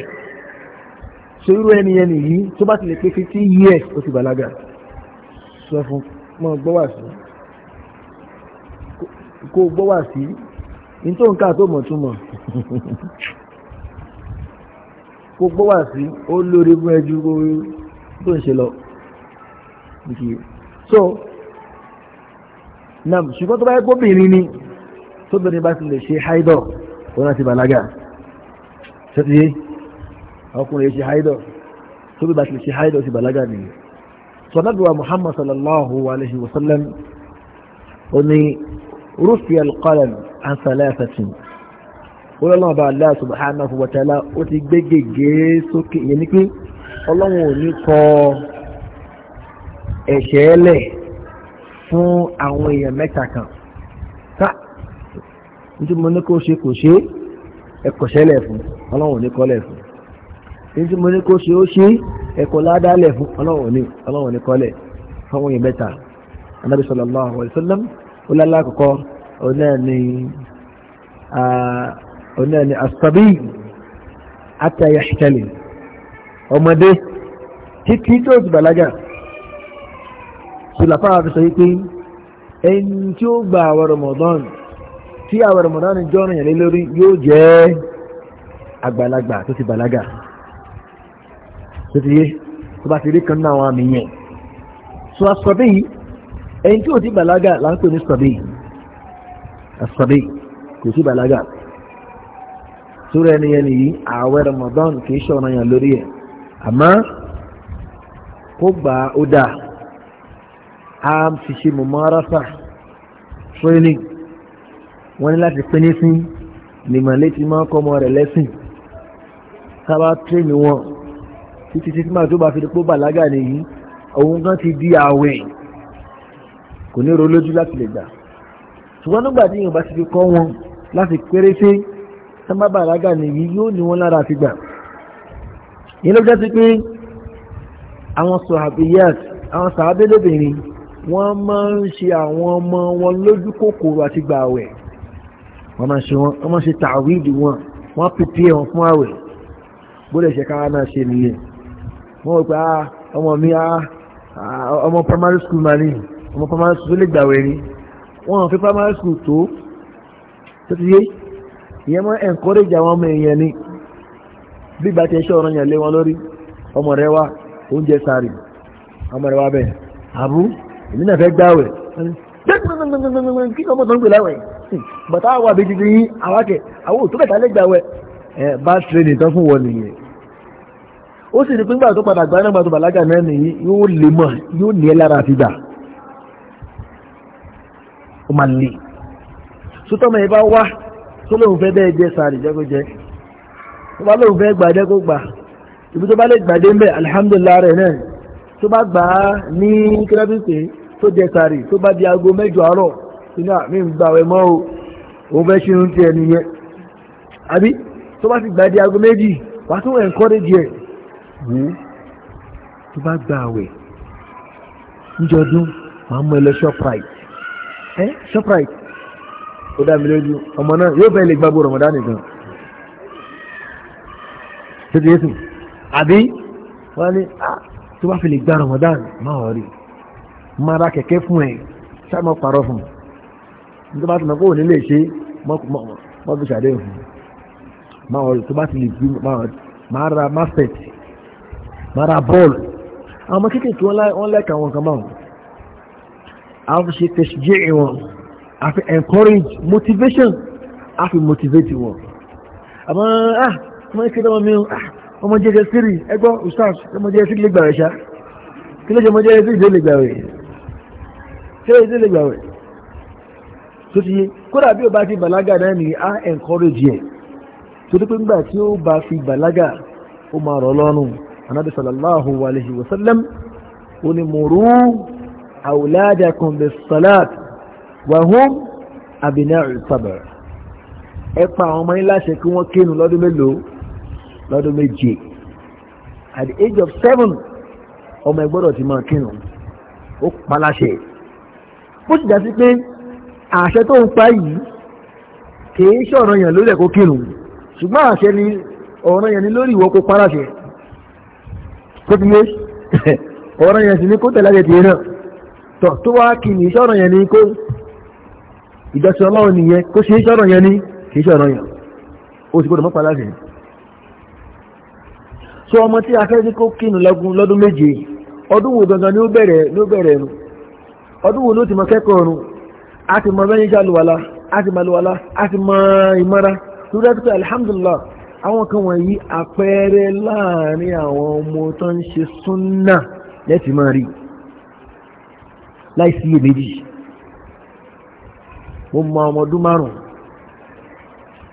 so irú ẹni yẹn nìyí tó bá ti lè pé fifty years ó ti bàlágà sọ fún mọ́ gbọ́ wà sí kó gbọ́ wà sí ní tó nǹkan tó mọ̀ (laughs) kó gbọ́ wà sí ó lórí fún ẹjú kó tó ń ṣe lọ so nam ṣùgbọ́n tó bá yẹ gbóbìnrin ni tóbìnrin bá ti lè ṣe haidọ̀ òun láti bàlágà ṣẹ́tìyé ọkùnrin ṣe haidọ̀ tóbi bá ti lè ṣe haidọ̀ sí bàlágà nìyí sọ̀nàdùwà muhammad sallallahu Alaihi wa sallam ó ní rufi alqalam an salasatin ó lọ́nà ọba allah subhanahu wa ta'ala ó ti gbé gègé sókè yẹn ní pé ọlọ́run ò ní kọ ẹ̀ṣẹ̀ ẹlẹ̀ fún àwọn èèyàn mẹ́ta kan ká nítorí mo ní kó ṣe kò ṣe ẹ̀kọ́ṣẹ́lẹ̀ fún ọlọ́run ò ní kọ́lẹ̀ fún nítorí mo ní kó ṣe ó ṣe ẹ̀kọ́ ládàálẹ̀ fún ọlọ́run ò ní ọlọ́run ò fún àwọn èèyàn mẹ́ta anábì sallallahu alaihi wasallam ó àkọ́kọ́ ọ̀nà ni ọ̀nà àtàyà ṣẹlẹ̀ ọmọdé títí tó ti bàlágà sùlàfáà fi sọ wípé ẹni tí ó gba àwọn Ramadan tí àwọn Ramadan jọ́ràn yẹn lé lórí yóò jẹ́ àgbàlagbà tó ti bàlágà tó ti yé tó bá ti rí kan náà àwọn àmì yẹn so asọ̀bí yìí ẹni tí ò ti bàlágà là ń pè ní sọ̀bí kò sí bàlágà sórí ẹni yẹn nìyí ààwẹ̀ Ramadan kì í ṣọ̀ràn yẹn lórí ẹ̀ àmọ́ kó gbà ó dà á fi ṣe mọ̀mọ́ráfà training wọ́n ní láti pín ní sí nìmọ̀lẹ́ ti máa ń kọ́ ọmọ rẹ̀ lẹ́sìn sábà tírénì wọn títí títí máa tó bá fi pọ́ bàlágà nìyí òun kan ti di àwẹ̀ kò ní rolójú láti lè gbà ṣùgbọ́n nígbà tí èèyàn ti fi kọ́ wọn láti péréte sábà bàlágà nìyí yóò ní wọn lára àti gbà yìí ló jẹ́ sí pé àwọn sọ̀hábíyàt àwọn sàábé lóbìnrin wọ́n máa ń ṣe àwọn ọmọ wọn lójú kòkòrò àti gbààwẹ̀ wọ́n máa ṣe wọn wọ́n máa ṣe tàwíìdì wọn wọ́n pèpè wọn fún àwẹ̀ bóde ṣe káwa náà ṣe nìyẹn wọ́n wọ́n pé ah, ọmọ mi ah, ah, ọmọ primary school máa ní ọmọ primary school tó lè gbààwẹ̀ ni wọ́n fi primary school tó tó ti yé ìyẹn máa encourage àwọn ọmọ èèyàn ni gbígbà tí ẹṣẹ́ ọ̀rọ̀ yàn lé wọn lórí ọmọ rẹ wá oúnjẹ sáré ọmọ rẹ wá bẹ́ẹ̀ àbú èmi náà fẹ́ gbáwẹ̀ kí ọmọ tó ń pè láwẹ̀ bàtà àwọn àbí titi yín àwákẹ́ àwọn òtún bẹ̀tà lè gbáwẹ̀ ẹ bá tirẹ̀nì tán fún wọn nìyẹn ó sì ní pé nígbà tó padà gbá náà gbàtọ̀ bàlágà náà nìyí yóò lè mọ̀ yóò ní ẹ lára àti gbà ó máa lè sótọ́mọ̀ ẹ bá wá tó lóun fẹ́ bẹ́ẹ̀ jẹ́ sáré jẹ́gọ́jẹ́ tó bá lóun fẹ́ gbàdé kó gbà ibi tó bá lè gbàdé ń bẹ̀ alihamudulilayi rẹ̀ náà tó bá gbà á ní kílábìsì tó jẹ sàrì tó bá di aago mẹ́jọ àárọ̀ sínú àmì ń gbà wẹ̀ mọ́ o òun fẹ́ ṣe irun nìyẹn àbí tó bá ti gbà aago méjì wàá tún encourage ẹ̀ wò ó tó bá gbà wẹ̀ níjọdún màá mú ẹ lọ shoprite ẹ shoprite ó dá mi lójú ọmọ náà yóò fẹ́ lè gbàgbó Ramadan nìkan tó ti yé sùn àbí wọ́n ní ah, tó bá fi lè gba Ramadan má wọ́n rí má ra kẹ̀kẹ́ fún ẹ̀ ṣáà má parọ́ fún un tó bá ti mọ̀ pé òní lè ṣe mọ́ fi ṣàdéhùn fún un má wọ́n rí tó bá ti bọ́ọ̀lù àwọn ọmọ kéékèèké wọ́n lẹ́ka àwọn kan báwọn a fi ṣe tẹ̀síjẹ́ wọn a fi encourage motivation a fi motivate wọn àmọ́ ah mo ní kí lọ́mọ mi ah, ọmọ jẹjẹ sírì ẹgbọ́ ustaz ọmọ jẹjẹ sírì lè gbàwẹ̀ ṣá kí ló jẹ ọmọ jẹjẹ sírì lè gbàwẹ̀ ṣé èyí lè gbàwẹ̀ tó ti yé kódà bí o bá ti bàlágà náà ni a encourage yẹ tó ti pé ńgbà tí ó bá fi bàlágà ó máa rọ̀ lọ́rùn anabi sallallahu alayhi wa sallam ó ní muru awladakum bis salat wa hum abina'u sabr ẹ pa àwọn ọmọ yín láṣẹ kí wọ́n kéènù lọ́dún mélòó lọ́dún méje at the age of seven ọmọ ẹgbọ́dọ̀ ti máa kírun ó paláṣẹ bó ti dásí pé àṣẹ tó ń pa yìí kìí ṣọ̀rọ̀ yàn lórí ẹ̀kọ́ kírun ṣùgbọ́n àṣẹ ni ọ̀rọ̀ yàn ni lórí ìwọ kó paláṣẹ tó ti yé (laughs) ọ̀rọ̀ yàn sì ni kó tẹ̀lé àjẹ tiẹ̀ náà tọ̀ tó wá kì í ṣọ̀rọ̀ yàn ni kó ìjọsìn ọlọ́run nìyẹn kó ṣe é ṣọ̀rọ̀ yàn ni kìí ṣọ̀rọ̀ yàn ó ti gbọ́dọ̀ mọ́ paláṣẹ so ọmọ tí a fẹ́ ní kó kínu lọ́gùn lọ́dún méje ọdún wo gangan ni ó bẹ̀rẹ̀ ni ó bẹ̀rẹ̀ nu ọdún wo ló ti mọ kẹ́kọ̀ọ́ nu a ti mọ bẹ́yìn já luwala a ti mọ luwala a ti mọ ìmọ̀ra lórí ẹ̀ pé alihamudulilah àwọn kan wọ̀nyí àpẹẹrẹ láàrin àwọn ọmọ tó ń ṣe súnà lẹ́tì máa rí láìsí iyèméjì mo mọ ọmọ ọdún márùn-ún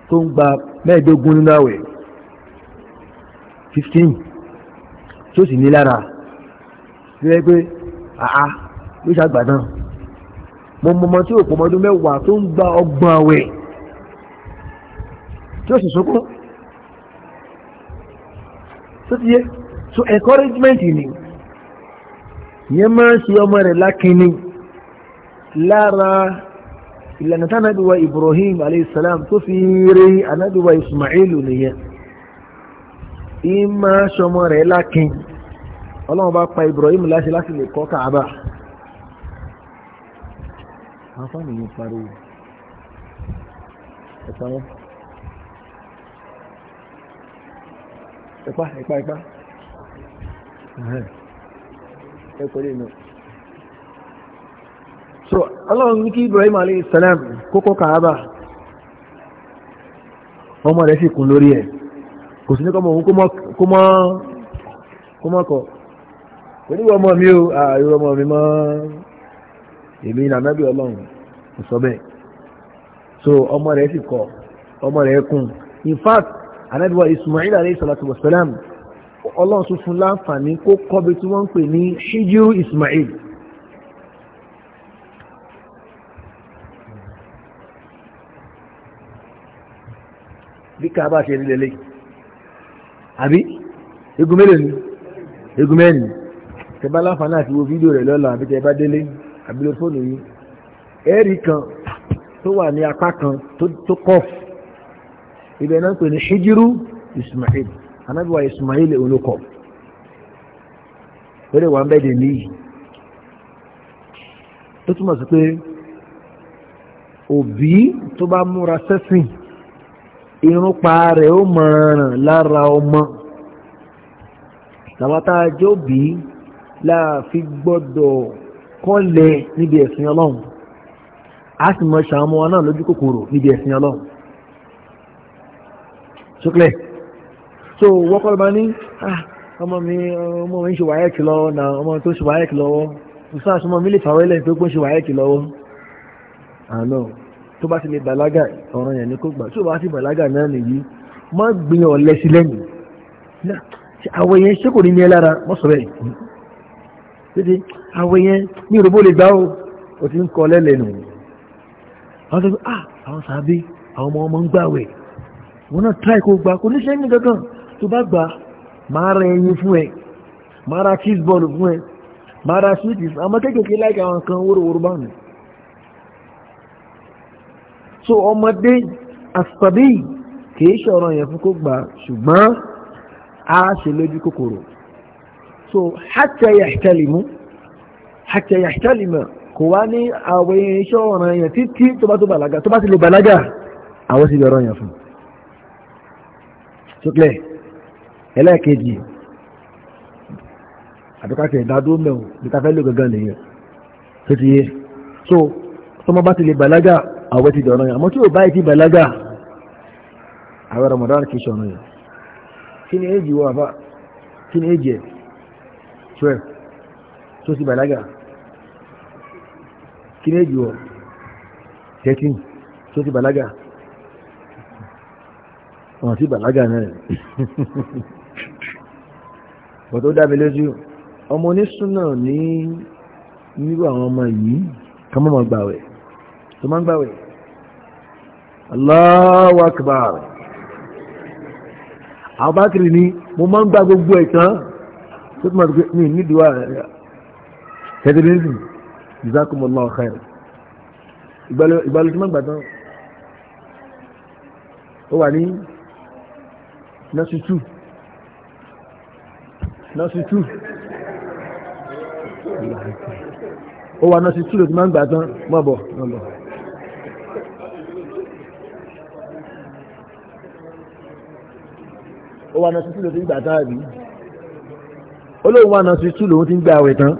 tó ń gba mẹ́ẹ̀ẹ́dógún nínú àwẹ̀ fifteen tó sì ní lára tó yẹ pé àá ló ṣàgbà náà mo mọ ọmọ tí ò pọ̀ ọmọdún mẹ́wàá tó ń gba ọgbọ̀n àwẹ̀ tí ó sì sọ́kún tó ti yẹ so encouragement ni ìyẹn máa ń ṣe ọmọ rẹ̀ lákínní lára ìlànà tánàbíwa Ibrahim alayhisalam tó fi rí anábíwa Ismailu nìyẹn ìmá ṣọmọ rẹ lákin ọlọ́run bá pa Ibrahim láṣẹ láti lè kọ́ Káàbà afáàmì yìí pariwo ẹ̀pá wọn ẹ̀pá ẹ̀pá ẹ̀pá ẹ̀pọ̀ lè nù. so ọlọ́run ní kí Ibrahim alayhi salam kókó ọmọ sì kún kò sí ní kọ́mọ òun kó mọ́ kọ́ kò ní wọ́n mọ́ mi o àìrò ọmọ mi mọ́ èmi ní ọlọ́run kò sọ bẹ́ẹ̀ so ọmọ rẹ̀ sì kọ́ ọmọ rẹ̀ kún in fact ànábì Ismail alayhi salatu wa salam ọlọ́run tún fún láǹfààní kó kọ́bi tí wọ́n ń pè ní ṣíjú Ismail bí ká bá ṣe rí lélẹ́yìí àbí egun mélòó ni egun mẹ́rin tẹ bá láǹfààní àti wo fídíò rẹ̀ lọ́la àbí tẹ bá délé àbí lórí fóònù yìí ẹ̀rí kan tó wà ní apá kan tó kọ́ ibẹ̀ náà ń pè ní hijiru ismail anábíwá ismail olókọ̀ lórí wà ń bẹ́ẹ̀ dè níyì tó túmọ̀ sí pé òbí tó bá múra sẹ́sìn irúpa rẹ̀ ó mọ̀ràn lára ọmọ làwátá jóbi láàfi gbọ́dọ̀ kọ́lẹ̀ níbi ẹ̀sìn ọlọ́run a sì mọ̀ ṣàwọn ọmọ náà lójú kòkòrò níbi ẹ̀sìn ọlọ́run ṣúklẹ̀ so wọ́pọ̀lọ́ bá ní ah, ọmọ mi ọmọ mi ń ṣe wáyẹ́kì lọ́wọ́ na ọmọ tó ṣe wáyẹ́kì lọ́wọ́ ìsáàsọmọ mi lè fàwẹ́lẹ̀ tó gbọ́n ṣe wáyẹ́kì lọ́wọ́ àná tó bá ti lè bàlágà ọ̀ràn yẹn ni kó gbà tó bá ti bàlágà náà nìyí má gbin ọ̀lẹ sí lẹ́yìn àwọn yẹn ṣé kò ní ní ẹ lára mọ́ sọ bẹ́ẹ̀ títí àwọn yẹn ní ìròbó lè gbá o ò ti ń kọ lẹ́lẹ̀ nù àwọn tó ń ah àwọn sàbí àwọn ọmọ ọmọ ń gbàwẹ̀ wọn náà tíráì kó gbà kò ní ṣe ní gangan tó bá gbà máa ra ẹyin fún ẹ máa ra cheese ball fún ẹ máa ra sweeties so ọmọdé àsọ̀bí kìí ṣọ̀rọ̀ yẹn fún kó gbà ṣùgbọ́n a ṣe lójú kòkòrò so hatta yahtalimu hatta yahtalima kò wá ní àwọn iṣẹ́ ọ̀ràn yẹn títí tó bá tó bàlágà tó bá ti lè bàlágà àwọn sì lọ́rọ̀ yẹn fún ṣùgbọ́n ẹlẹ́ẹ̀kejì àbíkàtẹ̀ ìdádúró mẹ́wọ̀n bí ká fẹ́ lò gangan nìyẹn tó so tọmọ bá ti lè bàlágà àwẹ̀ ti dọ̀rọ̀ yẹn àmọ́ tí ò báyìí ti bàlágà àwẹ̀ Ramadan kì í sọ̀rọ̀ yẹn kí ni èjì wà fà kí ni èjì ẹ̀ twelve tó ti bàlágà kí ni èjì wọ̀ thirteen tó ti bàlágà wọn ti bàlágà náà bọ̀ tó dábẹ́ lójú ọmọ onísùn náà ní nírú àwọn ọmọ yìí ká mọ́ mọ́ gbàwẹ̀ tó máa ń gbàwẹ̀ Allahu Akbar àbákìrì ni mo máa ń gba gbogbo ẹ̀tàn tó tún máa gbé mi nídìí wà tẹ́tẹ́lẹ́sì eh, jazakumullahu khairan ìgbàlódé tí máa ń gbà tán ó wà ní nọ́ọ̀sì 2 nọ́ọ̀sì 2 ó wà nọ́ọ̀sì 2 ló máa ń mọ́bọ̀ mọ́bọ̀ ó wà náà sí túlò tí ń gbà tán àbí olóhùn wà náà sí túlò ń gbà àwẹ̀ tán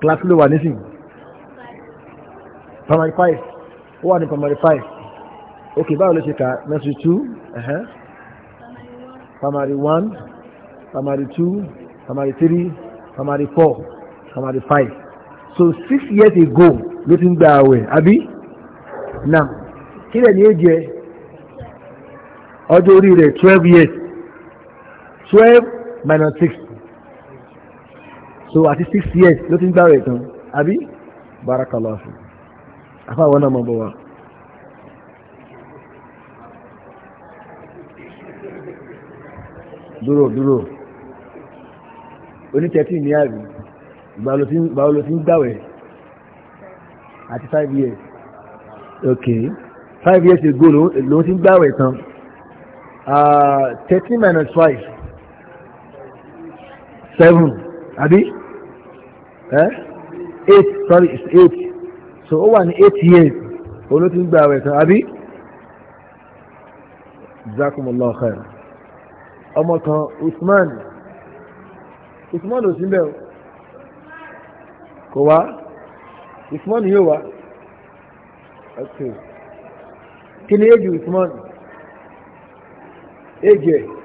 class ló wà nísìn primary five ó wà ní primary five ok báwo ló ṣe kà nursery two huh. primary one primary two primary three primary four primary five so six years ago ló ti ń gbà àwẹ̀ àbí náà kílẹ̀ ní èjì ẹ̀ ọjọ́ orí rẹ̀ twelve years twelve minus six so àti six years ló ti ń gbàwẹ̀ tán àbí barakallahu fi àfàwọn náà mọ̀ bọ̀ wá. duro. dúró oní thirteen ní àbí ìgbàwo ló ti ń gbàwẹ̀ àti five years ok five years ago ló ti ń gbàwẹ̀ tán ah, thirteen minus five seven Abi. eh? eight sorry it's eight so ó wà ní eight years òun ló ti ń gba àwẹ̀ tán àbí jazakumullahu khair ọmọ kan Usman Usman ò sí bẹ́ẹ̀ o kò wá Usman yóò wá kí ni éjì Usman éjì ẹ̀.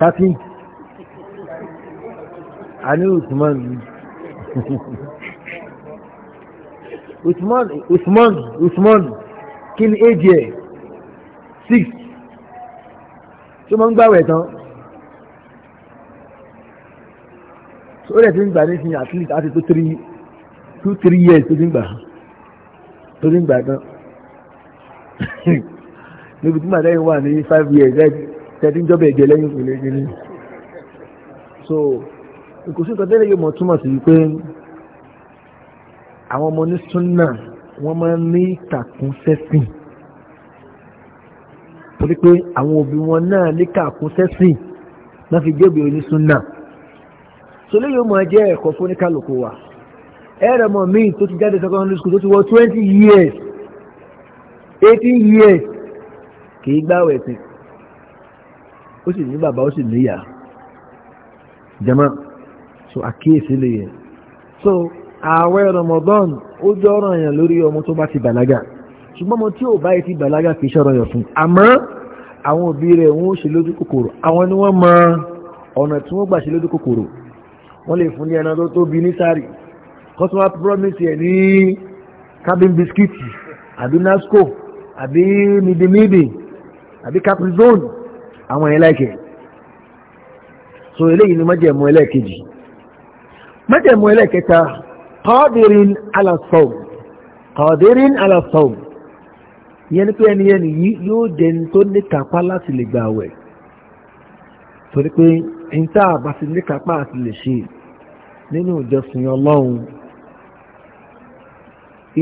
thirty ani usman ni usman usman usman kí ni age ẹ six ṣé mo ń gbàwẹ̀ tán ó rẹ̀ ti ń gbà nísìnyí at least àti tó three two three years tó ti ń gbà tó ti ń gbà tán (laughs) níbi tí màdá yìí wà ní five years ẹ̀ tẹ́tí ń jọ́ bẹ̀ẹ̀ lẹ́yìn kò lè so kò sí nǹkan tẹ́lẹ̀ yóò mọ̀ túmọ̀ sí wípé àwọn ọmọ onísúnà wọ́n máa ń ní ìtàkùn sẹ́sìn torí pé àwọn òbí wọn náà ní kàkún sẹ́sìn náà fi jẹ́ òbí onísúnà so lẹ́yìn ọmọ jẹ́ ẹ̀kọ́ fún oníkàlùkù wa ẹ̀rẹ̀ mọ̀ míì tó ti jáde secondary school tó ti wọ twenty years eighteen years kì í gbáwẹ̀ ẹ̀sìn ó sì ní bàbá ó sì níyà jama so àkíyèsí lè yẹn so ààwẹ̀ Ramadan ó jẹ́ ọ̀ràn yẹn lórí ọmọ tó bá ti bàlágà ṣùgbọ́n mo tí ò báyìí ti bàlágà kì í ṣọ̀rọ̀ yẹn fún àmọ́ àwọn òbí rẹ̀ wọ́n ṣe lójú kòkòrò àwọn ni wọ́n mọ ọ̀nà tí wọ́n gbà ṣe lójú kòkòrò wọ́n lè fún ní ẹran tó tóbi ní sáré customer promise ẹ̀ ní cabin biscuit àbí nasco àbí midimidi àbí caprizone àwọn yẹn láìkẹ̀ so eléyìí ni májẹ̀mú ẹlẹ́ẹ̀kejì májẹ̀mú ẹlẹ́ẹ̀kẹta qadirin ala sawm qadirin ala sawm yẹn ni pé ẹni yẹn nìyí yóò jẹ́ ní tó ní kápá láti lè gbà wẹ̀ torí pé n tá a bá ti ní kápá àti lè ṣe nínú ìjọsìn ọlọ́run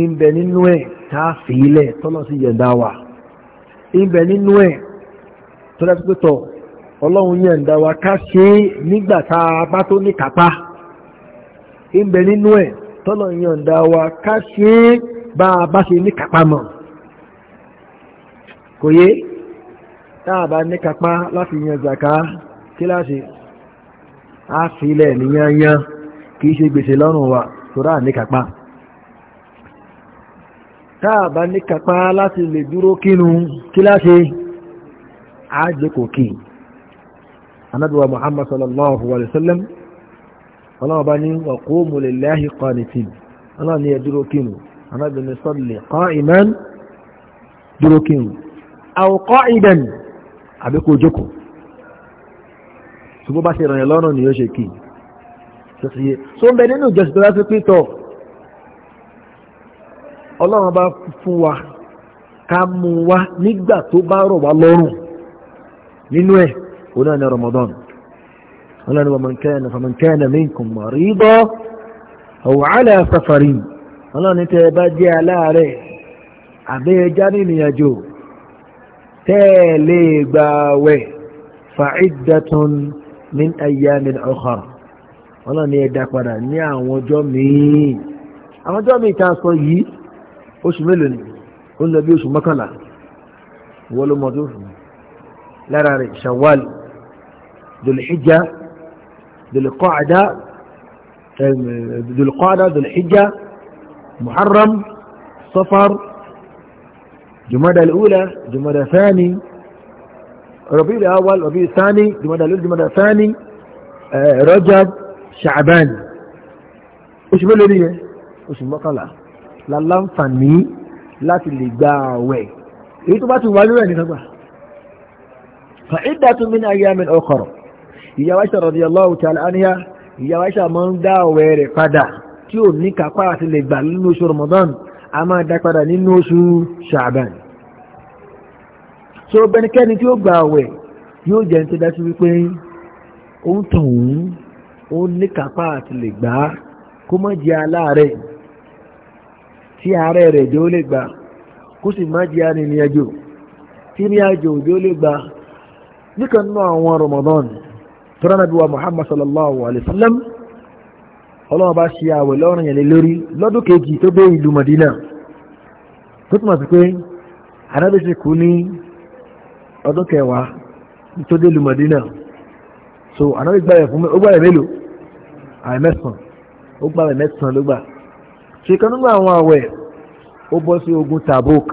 ìbẹ̀ nínú ẹ̀ tá a fi ilẹ̀ tọ́lọ́ sí yẹ̀dá wa ìbẹ̀ nínú ẹ̀ tó dájú pé tọ̀ ọlọ́run yẹn ń dá wa ká ṣe é nígbà tá a bá tó ní kápá ń bẹ nínú ẹ̀ tọ́lọ̀ yẹn ń dá wa ká ṣe é bá a bá ṣe ní kápá mọ̀ kò yé tá a bá ní kápá láti yan zàká kíláàsì á fi ilẹ̀ níyányán kì í ṣe gbèsè lọ́rùn wa tó ní kápá tá a bá ní kápá láti lè dúró kínu kíláàsì àájẹkòkè anábíwá muhammad sallallahu alayhi wa sallam ọlọ́ọ̀bá ní wa qumu lillahi qanitin ọlọ́ọ̀ ní ẹ̀dúró kínú anábí ní salli qa'iman dúró kínú aw qa'idan àbíkó jókòó ṣùgbọ́n bá ṣe ràn yẹn lọ́rùn ni yóò ṣe kí ṣẹṣiye so ń bẹ nínú ìjọsìn tó láti pín tọ ọlọ́run fún wa ká mú wa nígbà tó bá rọ̀ wá lọ́rùn nínú ẹ̀ òun náà ní Ramadan ọlọ́ni faman kana minkum marida aw ala safarin ọlọ́ni tẹ́ ẹ bá jẹ́ aláàárẹ̀ àbẹ́ ẹja nìyànjò tẹ́ ẹ lè gbààwẹ̀ fa'iddatun min ayyamin ukhar ọlọ́ni ẹ̀dá padà ní àwọn ọjọ́ míì àwọn ọjọ́ míì tá a sọ yìí oṣù mélòó ni ó ń lọ bí oṣù mọ́kànlá wọ́n ló mọ́ tó fún un لا لا شوال ذو الحجة ذو القعدة ذو القعدة ذو الحجة محرم صفر جمادة الأولى جمادة ثاني ربيع الأول ربيع الثاني جمادة الأولى جمادة ثاني آه، رجب شعبان وش بقول لي وش بقول لا لا فني لا تلقاوي إيه تبعتوا وعدوا يعني تبعتوا fa'iddatun min ayyamin ukhra ìyàwó Aisha radiyallahu ta'ala anha ìyàwó Aisha máa ń dá ọ̀wẹ́ rẹ̀ padà tí ò ní kápá àti lè gbà nínú oṣù Ramadan a máa dá padà nínú oṣù Sha'ban so bẹnikẹ́ni tí ó gba ọ̀wẹ́ yóò jẹ́ tó dá sí wípé ó ń tàn òun ó ní kápá àti lè gbà kó má jẹ́ aláàárẹ̀ tí ààrẹ rẹ̀ jẹ́ ó lè gbà kó sì má jẹ́ arìnrìn tí ní àjò òjò lè gbà níkan nínú àwọn Ramadan tó rán nàbí wa Muhammad sallallahu alayhi wa sallam ọlọ́run bá ṣe àwẹ̀ lọ́rùn yẹn lórí lọ́dún kejì tó dé ìlú Madina tó túmọ̀ sí pé anábì ti kú ní ọdún kẹwàá tó dé ìlú Madina so anábì gbàyẹ̀ fún mi ó gbàyẹ̀ mélòó àwẹ̀ mẹ́sàn-án ó gbàyẹ̀ mẹ́sàn-án ló gbà ṣèkan nínú àwọn àwẹ̀ ó bọ́ sí ogun Tabuk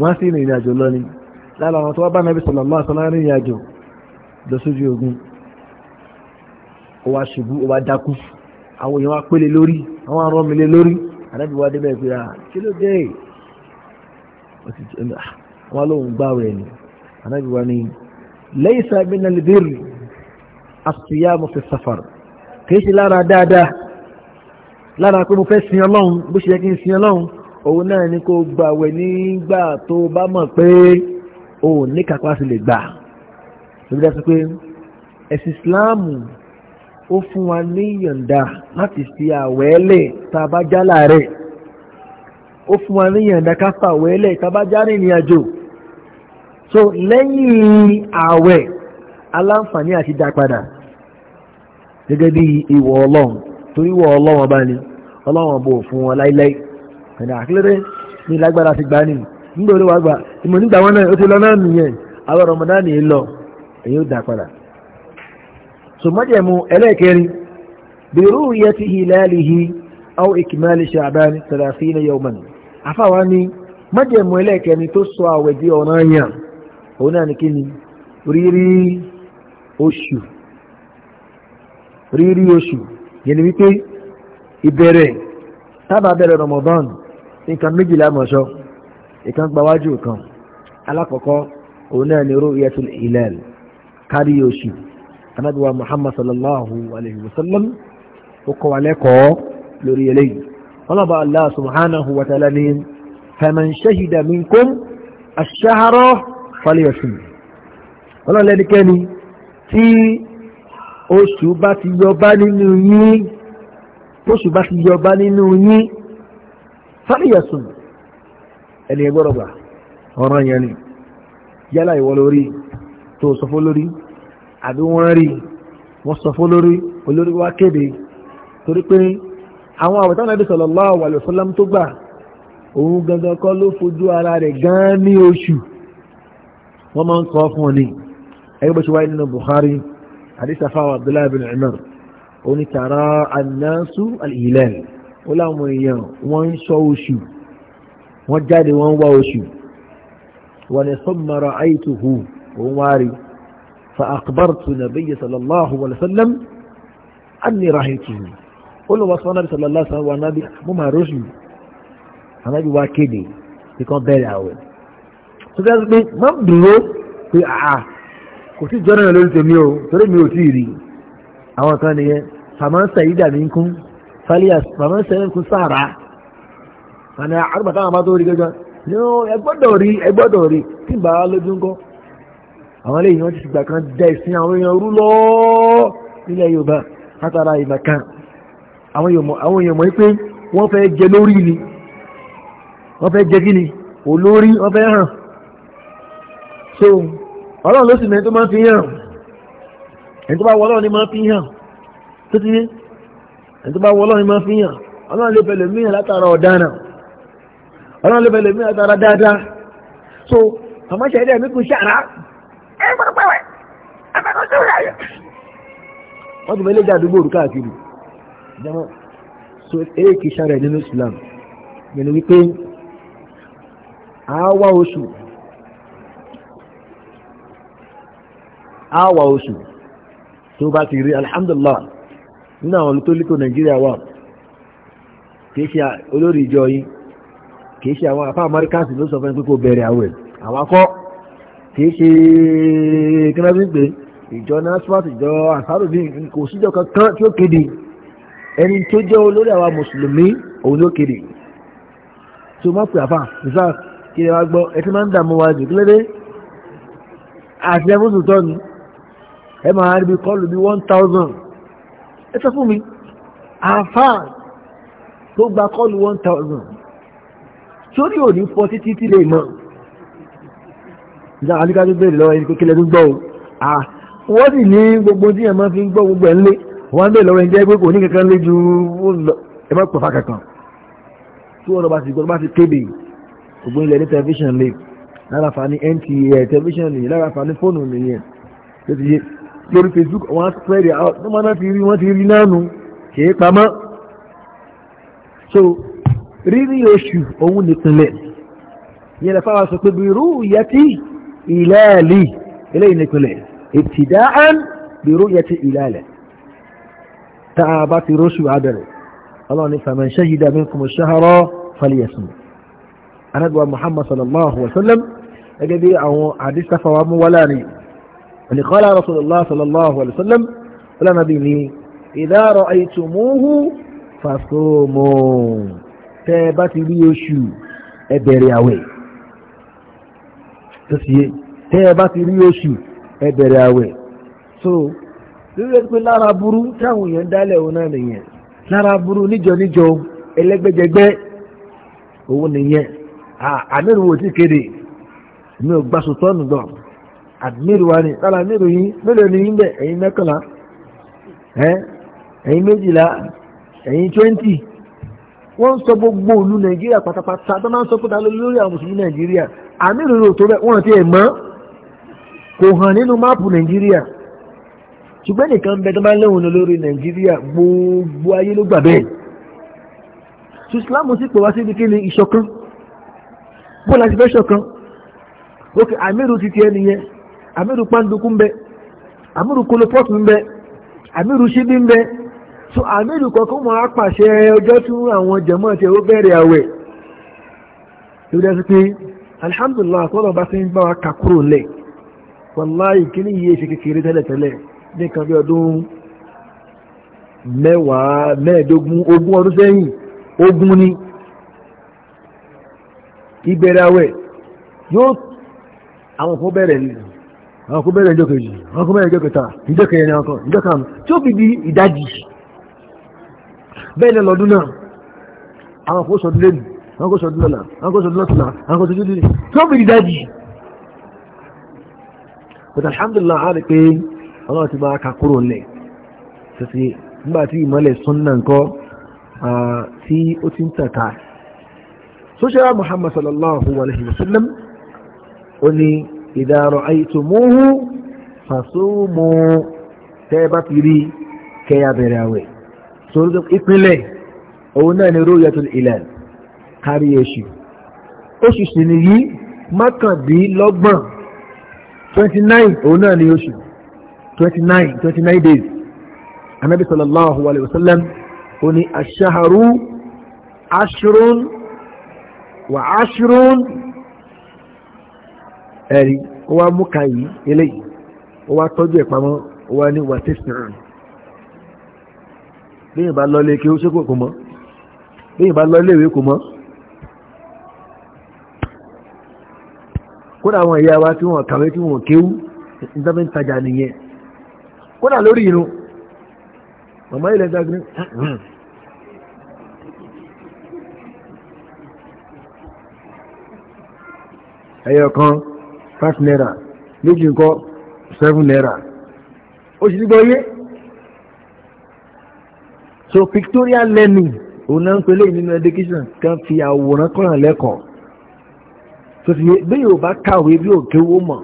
wọ́n sì rìnrìn àjò lọ lára àwọn tó wá bá nàbí sallallahu alaihi wasallam rìnrìn àjò lọ sójú ogun ó wá ṣubú ó wá dákú àwọn èèyàn wá pélé lórí àwọn arọ mi lé lórí ànábì wá débẹ̀ pé kí ló dé wọn lóun gbààwẹ̀ ni ànábì wá ní laysa min al-birr as-siyam fi as-safar kì í ṣe lára dáadáa lára pé mo fẹ́ sin ọlọ́run bó ṣe yẹ kí n sin ọlọ́run òun náà ni kò gbààwẹ̀ nígbà tó bá mọ̀ pé o ò ní kápá sí lè gbà lóbi dá sí pé ẹ̀sìn ìsìláàmù ó fún wa ní yọ̀ǹda láti fi àwẹ́lẹ̀ tá a bá já láàárẹ̀ ó fún wa ní yọ̀ǹda ká fà àwẹ́lẹ̀ tá a bá já rìnrìn àjò so lẹ́yìn ààwẹ̀ aláǹfààní àti dá padà gẹ́gẹ́ bí ìwọ̀ ọlọ́run torí ìwọ̀ ọlọ́run ọba ni ọlọ́run ọba fún wọn láíláí ẹ̀dà àkílẹ́rẹ́ ní lágbára ti gbá nìyí nígbà olówó àgbà ìmọ̀ nígbà wọn náà ó ti lọ náà nìyẹn àwọn Ramadan yìí lọ èyí ó dà padà. sòmọ́jẹ̀mú ẹlẹ́ẹ̀kẹrin bẹ̀rù yẹ ti ikimali ṣàbáni tàlàfínà yawman afáwa ni mọ́jẹ̀mú ẹlẹ́ẹ̀kẹrin tó sọ àwẹ̀ di ọ̀nà òun náà ni kíni rírí oṣù rírí oṣù yẹn ni wípé ìbẹ̀rẹ̀ tábà bẹ̀rẹ̀ Ramadan nǹkan méjìlá mọ̀ṣọ́ ìkan gbawájú kan alákọ̀ọ́kọ́ òun náà ni ru'yatul hilal kárí oṣù anábíwá muhammad sallallahu alayhi wa sallam ó kọ́ wa lẹ́kọ̀ọ́ lórí eléyìí ọlọ́ba allah subhanahu wa ta'ala ni faman shahida minkum ash-shahra falyasum ọlọ́lẹ́nikẹ́ni tí oṣù bá ti yọba nínú yín oṣù bá ti yọba nínú yín falyasum ẹni ẹgbọ́rọ̀ gbà ọ̀ràn yẹn ni yálà ìwọ lórí tó sọ fún lórí àbí wọ́n rí wọ́n sọ fún lórí olórí wá kéde torí pé àwọn àwòtán nàbí sallallahu alaihi wasallam tó gbà òun gangan kọ́ ló fojú ara rẹ̀ gan ní oṣù wọ́n máa ń kọ́ fún ni ẹgbẹ́ bó wáyé nínú Bukhari àdísàfáwà Abdullahi bin Umar oní tààrà an-nasu ó láwọn èèyàn wọ́n ń sọ oṣù wọ́n jáde wọ́n wá oṣù wọ́n ni sọ́mọ̀rọ̀ àìtùhù òun wárí fa akbartu nabiyyi sallallahu alaihi wasallam anni rahituhu olùwà sọ́nà bí sallallahu alaihi wasallam nabi mo máa rọ́ṣù anábì wá kéde kíkan bẹ̀rẹ̀ àwẹ̀ àná àrùbà táwọn bá tó rí gẹ́gẹ́ ní ẹgbọ́dọ̀ rí ẹgbọ́dọ̀ rí tí bá lójú ń kọ́ àwọn ilé ìyàn ti ti gbà kan dẹ ìsìn àwọn èèyàn rú lọ nílẹ̀ Yorùbá látara ìgbà kan àwọn èèyàn mọ̀ pé wọ́n fẹ́ jẹ lórí ni wọ́n fẹ́ jẹ kí olórí wọ́n fẹ́ hàn so ọlọ́run ló sì mẹ́ni tó máa fi hàn ẹni tó bá wọ ọlọ́run ni máa fi hàn tó ti ní ẹni tó bá wọ ọlọ́run ni máa fi hàn ọlọ́run lè fẹ́ lè látara ọ̀daràn ọlọ́run ló fẹ́ lèmi àtàrà dáadáa so àmọ́ ṣe ẹ̀dẹ́ mi kù ṣàrà ẹ gbọ́dọ̀ pẹ̀wẹ̀ àtàkùn tó rà yẹ. wọ́n ti àdúgbò òrùka jẹ́mọ́ so eré ṣàrẹ̀ nínú Islam wípé oṣù oṣù tó bá ti rí nínú àwọn olùtólítò Nàìjíríà wà ṣe olórí ìjọ kìí ṣe àwọn àfá amẹ́ríkàsì ló sọ fẹ́ pé kó bẹ̀rẹ̀ àwẹ̀ àwakọ́ kìí ṣe kínábígbé ìjọ nasfat ìjọ àsáró bí kò síjọ kankan tí ó kéde ẹni tó jẹ́ olórí àwa mùsùlùmí òun ló kéde tí o má pè àfà nísà kí ẹ wá gbọ́ ẹ ti máa ń dààmú wa jù kílódé àti ẹ fúnṣù tọ́nu ẹ máa rí bí kọ́ọ̀lù bí one thousand ẹ sọ fún mi àfà tó gba kọ́ọ̀lù one thousand sórí òní fọ́ títí tí lè mọ̀ ìjà àlíká tó bèèrè lọ́wọ́ ẹni kékeré tó gbọ́ o wọ́n sì ní gbogbo tí ẹ̀mọ́ fi ń gbọ́ gbogbo ẹ̀ ń lé wọ́n bèèrè lọ́wọ́ ẹni jẹ́ pé kò ní kankan lé ju ẹ̀mọ́ pọ̀fà kankan tí wọ́n lọ bá ti gbọ́ bá ti kébè gbogbo ilẹ̀ ní tẹlifíṣàn lè lára fa ní NTA tẹlifíṣàn lè lára fa ní fóònù nìyẹn tó ti yé lórí Facebook wọ́n spread out wọ́n ti rí wọ́n ti rí náà nù kì í pamọ́ rírí oṣù òun nìpínlẹ̀ yẹn lẹ́fà wá sọ pé bìrú yẹtí ìlẹ́ẹ̀lì eléyìí nìpínlẹ̀ ìtìdáán bìrú yẹtí ìlẹ́ẹ̀lẹ̀ tá a bá ti róṣù abẹ̀rẹ̀ ọlọ́run ní faman shahida minkum ash-shahra falyasum anagba muhammad sallallahu alaihi wa sallam gẹ́gẹ́ bí àwọn àdìsáfà wa mú wálá ni wọ́n ni qala rasulullah sallallahu alaihi wa sallam wọ́n lánàá bí ni idha ra'aytumuhu fasumu. tẹ́ bá ti rí oṣù ẹ àwẹ̀ tó sì so lórí pé lára burú táwọn èèyàn dálẹ̀ òun náà nìyẹn lára burú níjọ níjọ ẹlẹ́gbẹ́jẹgbẹ́ òun nìyẹn àmìrì wo ti kéde mi ò gbà dọ̀ àmìrì wa ni lára àmìrì yìí mélòó ni yín wọ́n ń sọ gbogbo òlu nàìjíríà pátápátá tó máa ń sọ pé ta ló lórí àwọn mùsùlùmí nàìjíríà àmì ìròyìn òtó bẹ́ẹ̀ wọ́n ti ẹ̀ mọ́ kò hàn nínú máàpù nàìjíríà ṣùgbọ́n nìkan bẹ tó máa ń léwọn lórí nàìjíríà gbogbo ayé ló gbà bẹ́ẹ̀ tó islam sì pè wá síbi kí ni ìṣọ̀kan bó la ti fẹ́ ṣọ̀kan ok àmìrù ti tiẹ̀ nìyẹn àmìrù pàǹdùkú ń bẹ àmìrù kolopọ́ọ̀tù ń bẹ àmìrù ṣíbí ń bẹ so àmìlù kọ̀ọ̀kan máa pàṣẹ ọjọ́ tí àwọn jẹ̀mọ́ ti ó bẹ̀rẹ̀ àwẹ̀ tó dẹ́ sí pé alhamdulillah àkọ́lọ̀ bá ti ń bá wa kà kúrò lẹ̀ wàláì kí ní iye ṣe kékeré tẹ́lẹ̀tẹ́lẹ̀ ní kan bí ọdún mẹ́wàá mẹ́ẹ̀ẹ́dógún ogún ọdún sẹ́yìn ogún ni ìbẹ̀rẹ̀ àwẹ̀ yóò àwọn kó bẹ̀rẹ̀ àwọn kó bẹ̀rẹ̀ ìjọ kejì àwọn kó bẹ̀rẹ̀ ìjọ kẹta ìjọ kẹrin àwọn kan ìjọ kan tí ó fi di ìdajì bẹ́ẹ̀ lẹ́ lọ́dún náà àwọn kò sọdún lẹ́nu àwọn kò sọdún lọ́la àwọn kò sọdún lọ́tùnà àwọn kò sọdún lẹ́nu tó fi di dájì but alhamdulillah a rí pé ọlọ́run ti máa ka kúrò lẹ̀ tẹ̀sí nígbà tí ìmọ̀lẹ̀ sunna nǹkan tí ó ti ń tàka sọ́ṣẹ́ra muhammad sallallahu alayhi wa sallam ó ní idha ra'aytumuhu fasumu tẹ́ bá ti rí kẹ́yà bẹ̀rẹ̀ àwẹ̀ torí ìpínlẹ̀ òun náà ni róòyẹ̀tún ilẹ̀ kárí oṣù oṣù sì nìyí mọ́kàndínlọ́gbọ̀n twenty nine òun náà ni oṣù twenty nine twenty nine days anabi sallallahu alayhi wa sallam ó ní aṣaharu ashrun wa ashrun ẹ̀rí ó mú ka yìí eléyìí ó tọ́jú ẹ̀ pamọ́ ó wá ní wàtísìnrìn bí ìbá lọ lé kí ó ṣékò kò mọ́ bí ìbá lọ léèwé kò mọ́ kódà àwọn ìyá wa tí wọ́n kàwé tí wọ́n kéwú ìdábí ń tajà nìyẹn kódà lórí irun màmá ilẹ̀ dágbé ẹyọ kan five naira méjì nǹkan seven naira ó sì ti gbọ́ yé so pictorial learning òun náà ń pè lẹ́yìn nínú education kan fi àwòrán kọ́ràn lẹ́kọ̀ọ́ so fi bí yóò bá kàwé bí òkè owó mọ̀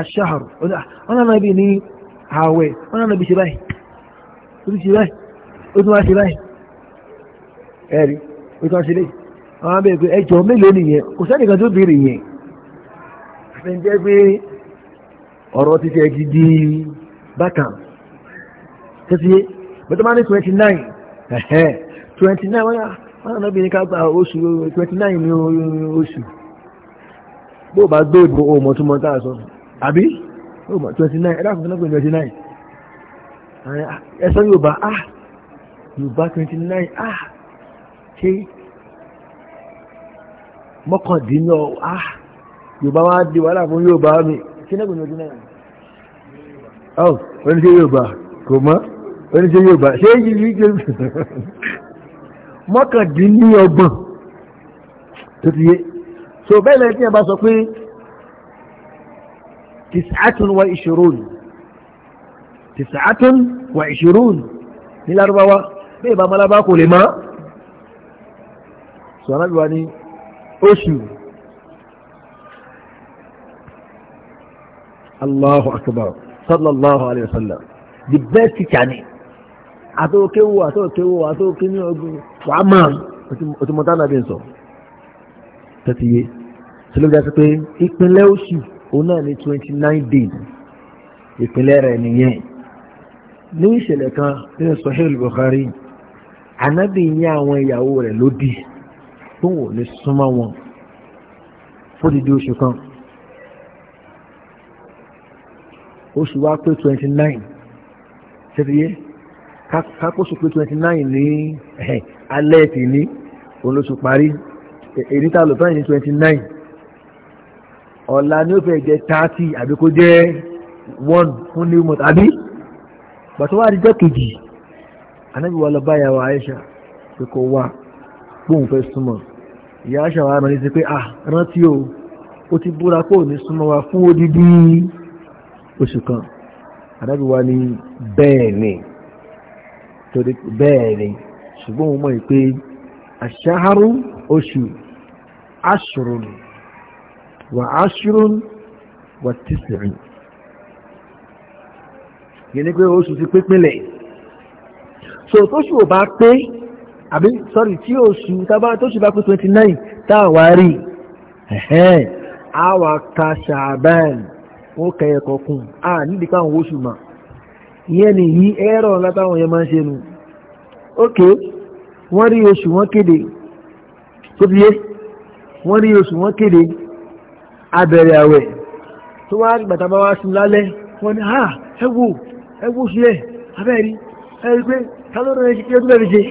aṣáàrù ah, wọn náà bí ní ààwẹ̀ wọn náà bí ṣe báyìí ó ti ṣe báyìí ó tún wá ṣe báyìí ẹ̀rí ó tún wá ṣe léyìí àwọn abẹ́rẹ́ pé ẹjọ́ mélòó nìyẹn kò sẹ́nìkan tó béèrè yẹn àfẹ́jẹ́ pé ọ̀rọ̀ ti fẹ́ gidi bákan tẹ́sí bẹ́tẹ̀ máa ní twenty nine twenty nine wọ́n yà wọ́n náà bí ní ká gba oṣù twenty nine ní oṣù bó bá gbé ìbò ọmọ tó mọ tá a sọ àbí twenty nine ẹ̀dá fún fún twenty nine ẹ̀sán Yorùbá ah Yorùbá twenty nine ah ṣe mọ́kàndínlọ́ ah Yorùbá wá di wàhálà fún Yorùbá mi kí náà gbé twenty nine ọ̀ oh, wọ́n ní ṣe Yorùbá kò mọ́ oníṣẹ́ yorùbá ṣé yìí mọ́kàndínlọ́gbọ̀n tó ti yé so bẹ́ẹ̀ lẹ́yìn tí a bá sọ pé tis'atun wa ishirun tis'atun wa ishirun ní lárúbáwá bẹ́ẹ̀ bá malaba kò lè má sọ anábìwá ní oṣù Allahu akbar sallallahu alayhi wa sallam the best teacher ni àtòkéwò àtòkéwò àtòkéní ọgbọ̀n wàá mọ̀ ọtí mọ́tà náà bí n sọ. tẹ́tí yé sọlọ́bí dá sí pé ìpínlẹ̀ oṣù òun náà ní twenty nine days ìpínlẹ̀ rẹ̀ nìyẹn. ní ìṣẹ̀lẹ̀ kan nínú Sahih Bukhari Ànábì yẹn àwọn ìyàwó rẹ̀ lódì tó wò lè súnmọ́ wọn fódìdí oṣù kan. oṣù wa pé twenty nine tẹ́tí yé kápósù pé twenty nine ní alẹ́ tì ní olóṣù parí èyí tá a lò tán ní twenty nine ọ̀la ni ó fẹ́ jẹ́ thirty àbí kó jẹ́ one fún new month àbí gbàtọ́ wá di jọ́ kejì anábì wà lọ báyà wa Aisha pé kò wá gbóhùn fẹ́ súnmọ́ ìyá Aisha wa rán létí pé ah rántí o ó ti búra pé ò ní súnmọ́ wa fún odidi oṣù kan anábì wa ni bẹ́ẹ̀ ni torí bẹ́ẹ̀ ni ṣùgbọ́n wọ́n mọ̀ pé aṣáharu oṣù ashurun wà ashurun wà tìsìrìn yìí ni pé oṣù ti pépínlẹ̀ so tóṣù ò bá pé àbí sọ́rí tí oṣù tábà tóṣù bá pé twenty nine tá a wá rí àwa ka ṣàbẹ́ẹ̀n ó kẹyẹ kọkùn a nídìí káwọn oṣù máa ìyẹn ni yí ẹ̀rọ látàwọn yẹn máa ń ṣe nù ókè wọ́n rí oṣù wọ́n kéde tó ti yé wọ́n rí oṣù wọ́n kéde abẹ̀rẹ̀ àwẹ̀ tó wá gbàtà bá wá sùn lálẹ́ wọ́n ní ha ah, ẹ wò ẹ wò sílẹ̀ abẹ́rí ẹ rí pé ta ló rẹ̀ ṣe kí ọdún mẹ́rin ṣe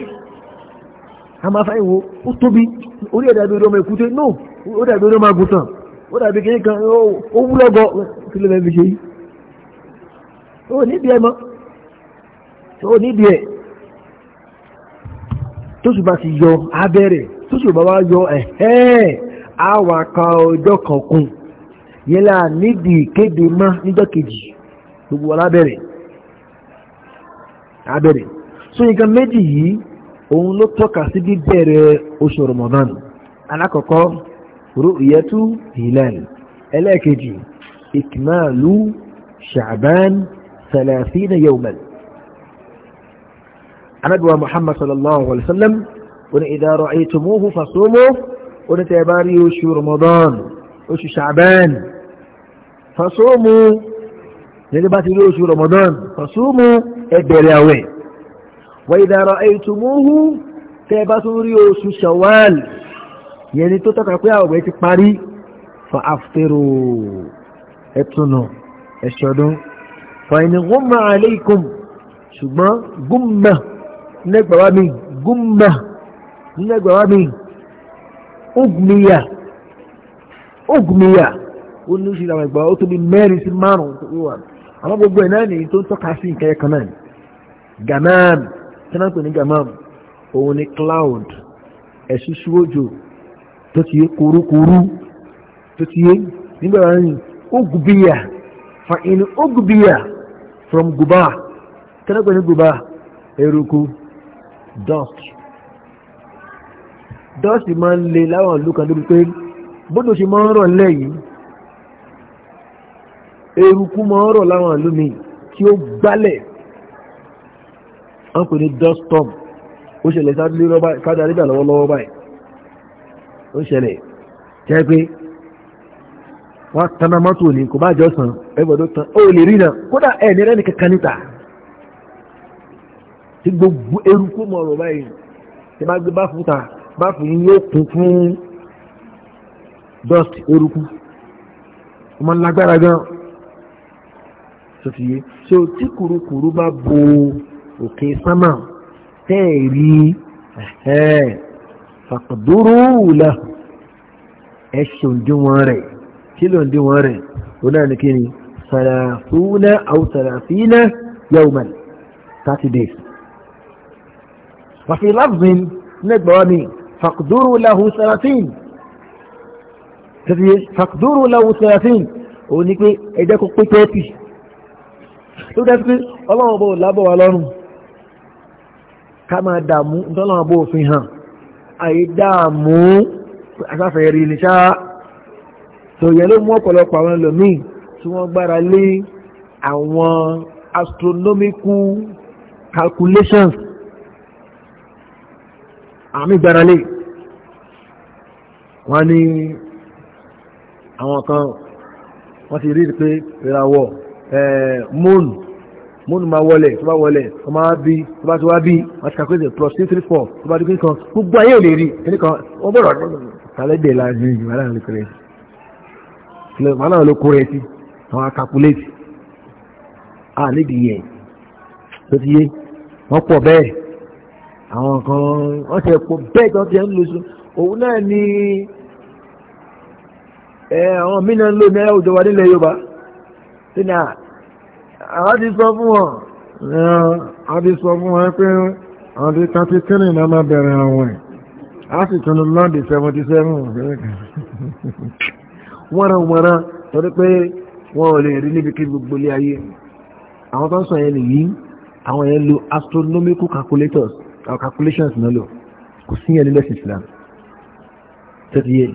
a máa fáyìn wo ó tóbi orí ẹ̀dá bí ọmọ èkúté no ó dàbí ọmọ àgùntàn ó dàbí kìnnìkan ó wúlọ́gọ́ kí ló mẹ́rin ṣe yìí ó níbi ẹ̀ tó nídìí ẹ̀ tóṣù bá ti yọ abẹ́rẹ̀ tóṣù bá wá yọ ẹ̀hẹ́ àwọn aka ọjọ́ kan kún yẹn là nídìí kéde má níjọ́ kejì gbogbo wọn lábẹ́rẹ̀ abẹ́rẹ̀ so nǹkan méjì yìí òun ló tọ́ka sí bíbẹ̀rẹ̀ oṣù Ramadan alákọ̀ọ́kọ́ ru'yatu hilal ẹlẹ́ẹ̀kejì ikmalu sha'ban thalathina yawman anábíwá muhammad sallallahu alaihi wasallam ó ní idha ra'aytumuhu fasumuhu ó ní tẹ́ bá rí oṣù ramadan oṣù sha'ban fasumuhu nígbà bá ti rí oṣù ramadan fasumuhu ẹ bẹ̀rẹ̀ àwẹ̀ wa idha ra'aytumuhu tẹ́ bá tún rí oṣù shawwal yẹn ni tó tọ́ka pé ti parí fa aftiru ẹ̀tùnà ẹ̀ṣọ́dún fa in ghumma alaykum ṣùgbọ́n gúnmà nígbàwá mi gúnmà nígbàwá mi ogmiya ogmiya ó ní ṣe àwọn ìgbà ó tó bí mẹ́rin sí márùn-ún tó wíwà àwọn gbogbo ẹ̀ náà nìyí tó ń tọ́ka sí nǹkan ẹ̀kan náà gamam tí wọ́n pè ní gamam òun ni cloud ẹ̀sùn ṣúwójò tó ti yé kurukuru tó ti yé nígbà wọn ni ogbiya fa in ogbiya from guba tí wọ́n pè ní guba eruku dust dust máa ń le láwọn ìlú kan lórí pé bódò ṣe máa ń rọ̀ nílẹ̀ yìí eruku máa ń rọ̀ láwọn ìlú mi tí ó gbálẹ̀ wọ́n pè ní dust storm ó ṣẹlẹ̀ sáájú àríjà lọ́wọ́lọ́wọ́ báyìí ó ṣẹlẹ̀ jẹ́ pé wọ́n tanamọ́tò ní kò bá jọ sàn ẹgbẹ̀dọ́ tán ó lè rí náà kódà ẹ̀ ní rẹ́ni kankan níta tí gbogbo eruku mọ̀ ọ̀rọ̀ báyìí tí bá gbé báfù ta báfù yìí yóò kún fún dust eruku ọmọ lágbára gan tó ti yé so tí kurukuru bá bo òkè sánmà tẹ́ fàkàdúró wùlà ẹ̀ ṣòǹdíwọ̀n rẹ̀ kí lòǹdíwọ̀n rẹ̀ ó náà ní kí ni sàràfúnà àwọn sàràfínà yawman thirty days. وفي لفظ نضامي فاقدروا له ثلاثين فاقدروا له ثلاثين ó ní pé ẹ jẹ́ kó pé tẹ́ẹ̀tì ló dẹ́ pé ọlọ́run bó lábọ̀ wá lọ́rùn ká máa dààmú ìtọ́lọ́run bó fi hàn àyè dààmú asáfẹ́ rí ní ṣáá tòyẹ ló mú ọ̀pọ̀lọpọ̀ àwọn ẹlòmíì tí wọ́n gbára lé àwọn astronomical calculations àmì ìgbáralé wọ́n ní àwọn kan wọ́n ti rí i pé ìràwọ̀ moon moon máa wọlẹ̀ tó bá wọlẹ̀ tó máa bí tó bá tó wá bí wọ́n ti calculate plus two three four tó bá dé kíkan gbogbo ayé ò lè rí kíkan wọ́n bọ̀rọ̀ tàlẹ́dẹ̀ láàrin ìgbà láàrin kúrẹ́ sí ìgbà láàrin ló kúrẹ́ sí àwọn calculate à nídìí yẹn tó ti yé wọ́n pọ̀ bẹ́ẹ̀ àwọn kan wọ́n ti pò bẹ́ẹ̀ tó ti ń lo sùn òun náà ni àwọn mí náà ń lò ní àwùjọ wa nílẹ̀ Yorùbá tí ni àwọn ti sọ fún wọn àwọn ti sọ fún wọn pé àwọn ti kan ti kírìn náà máa bẹ̀rẹ̀ àwọn ẹ̀ á sì tún lọ́ndì seventy seven wọ́nranwọ́nran torí pé wọ́n ò lè rí níbi kí gbogbo ilé ayé àwọn tó ń sọ yẹn nìyí àwọn yẹn lo astronomical calculators Our calculations náà lò kò sí yẹn nílẹ̀ Islam tẹ́tí yẹ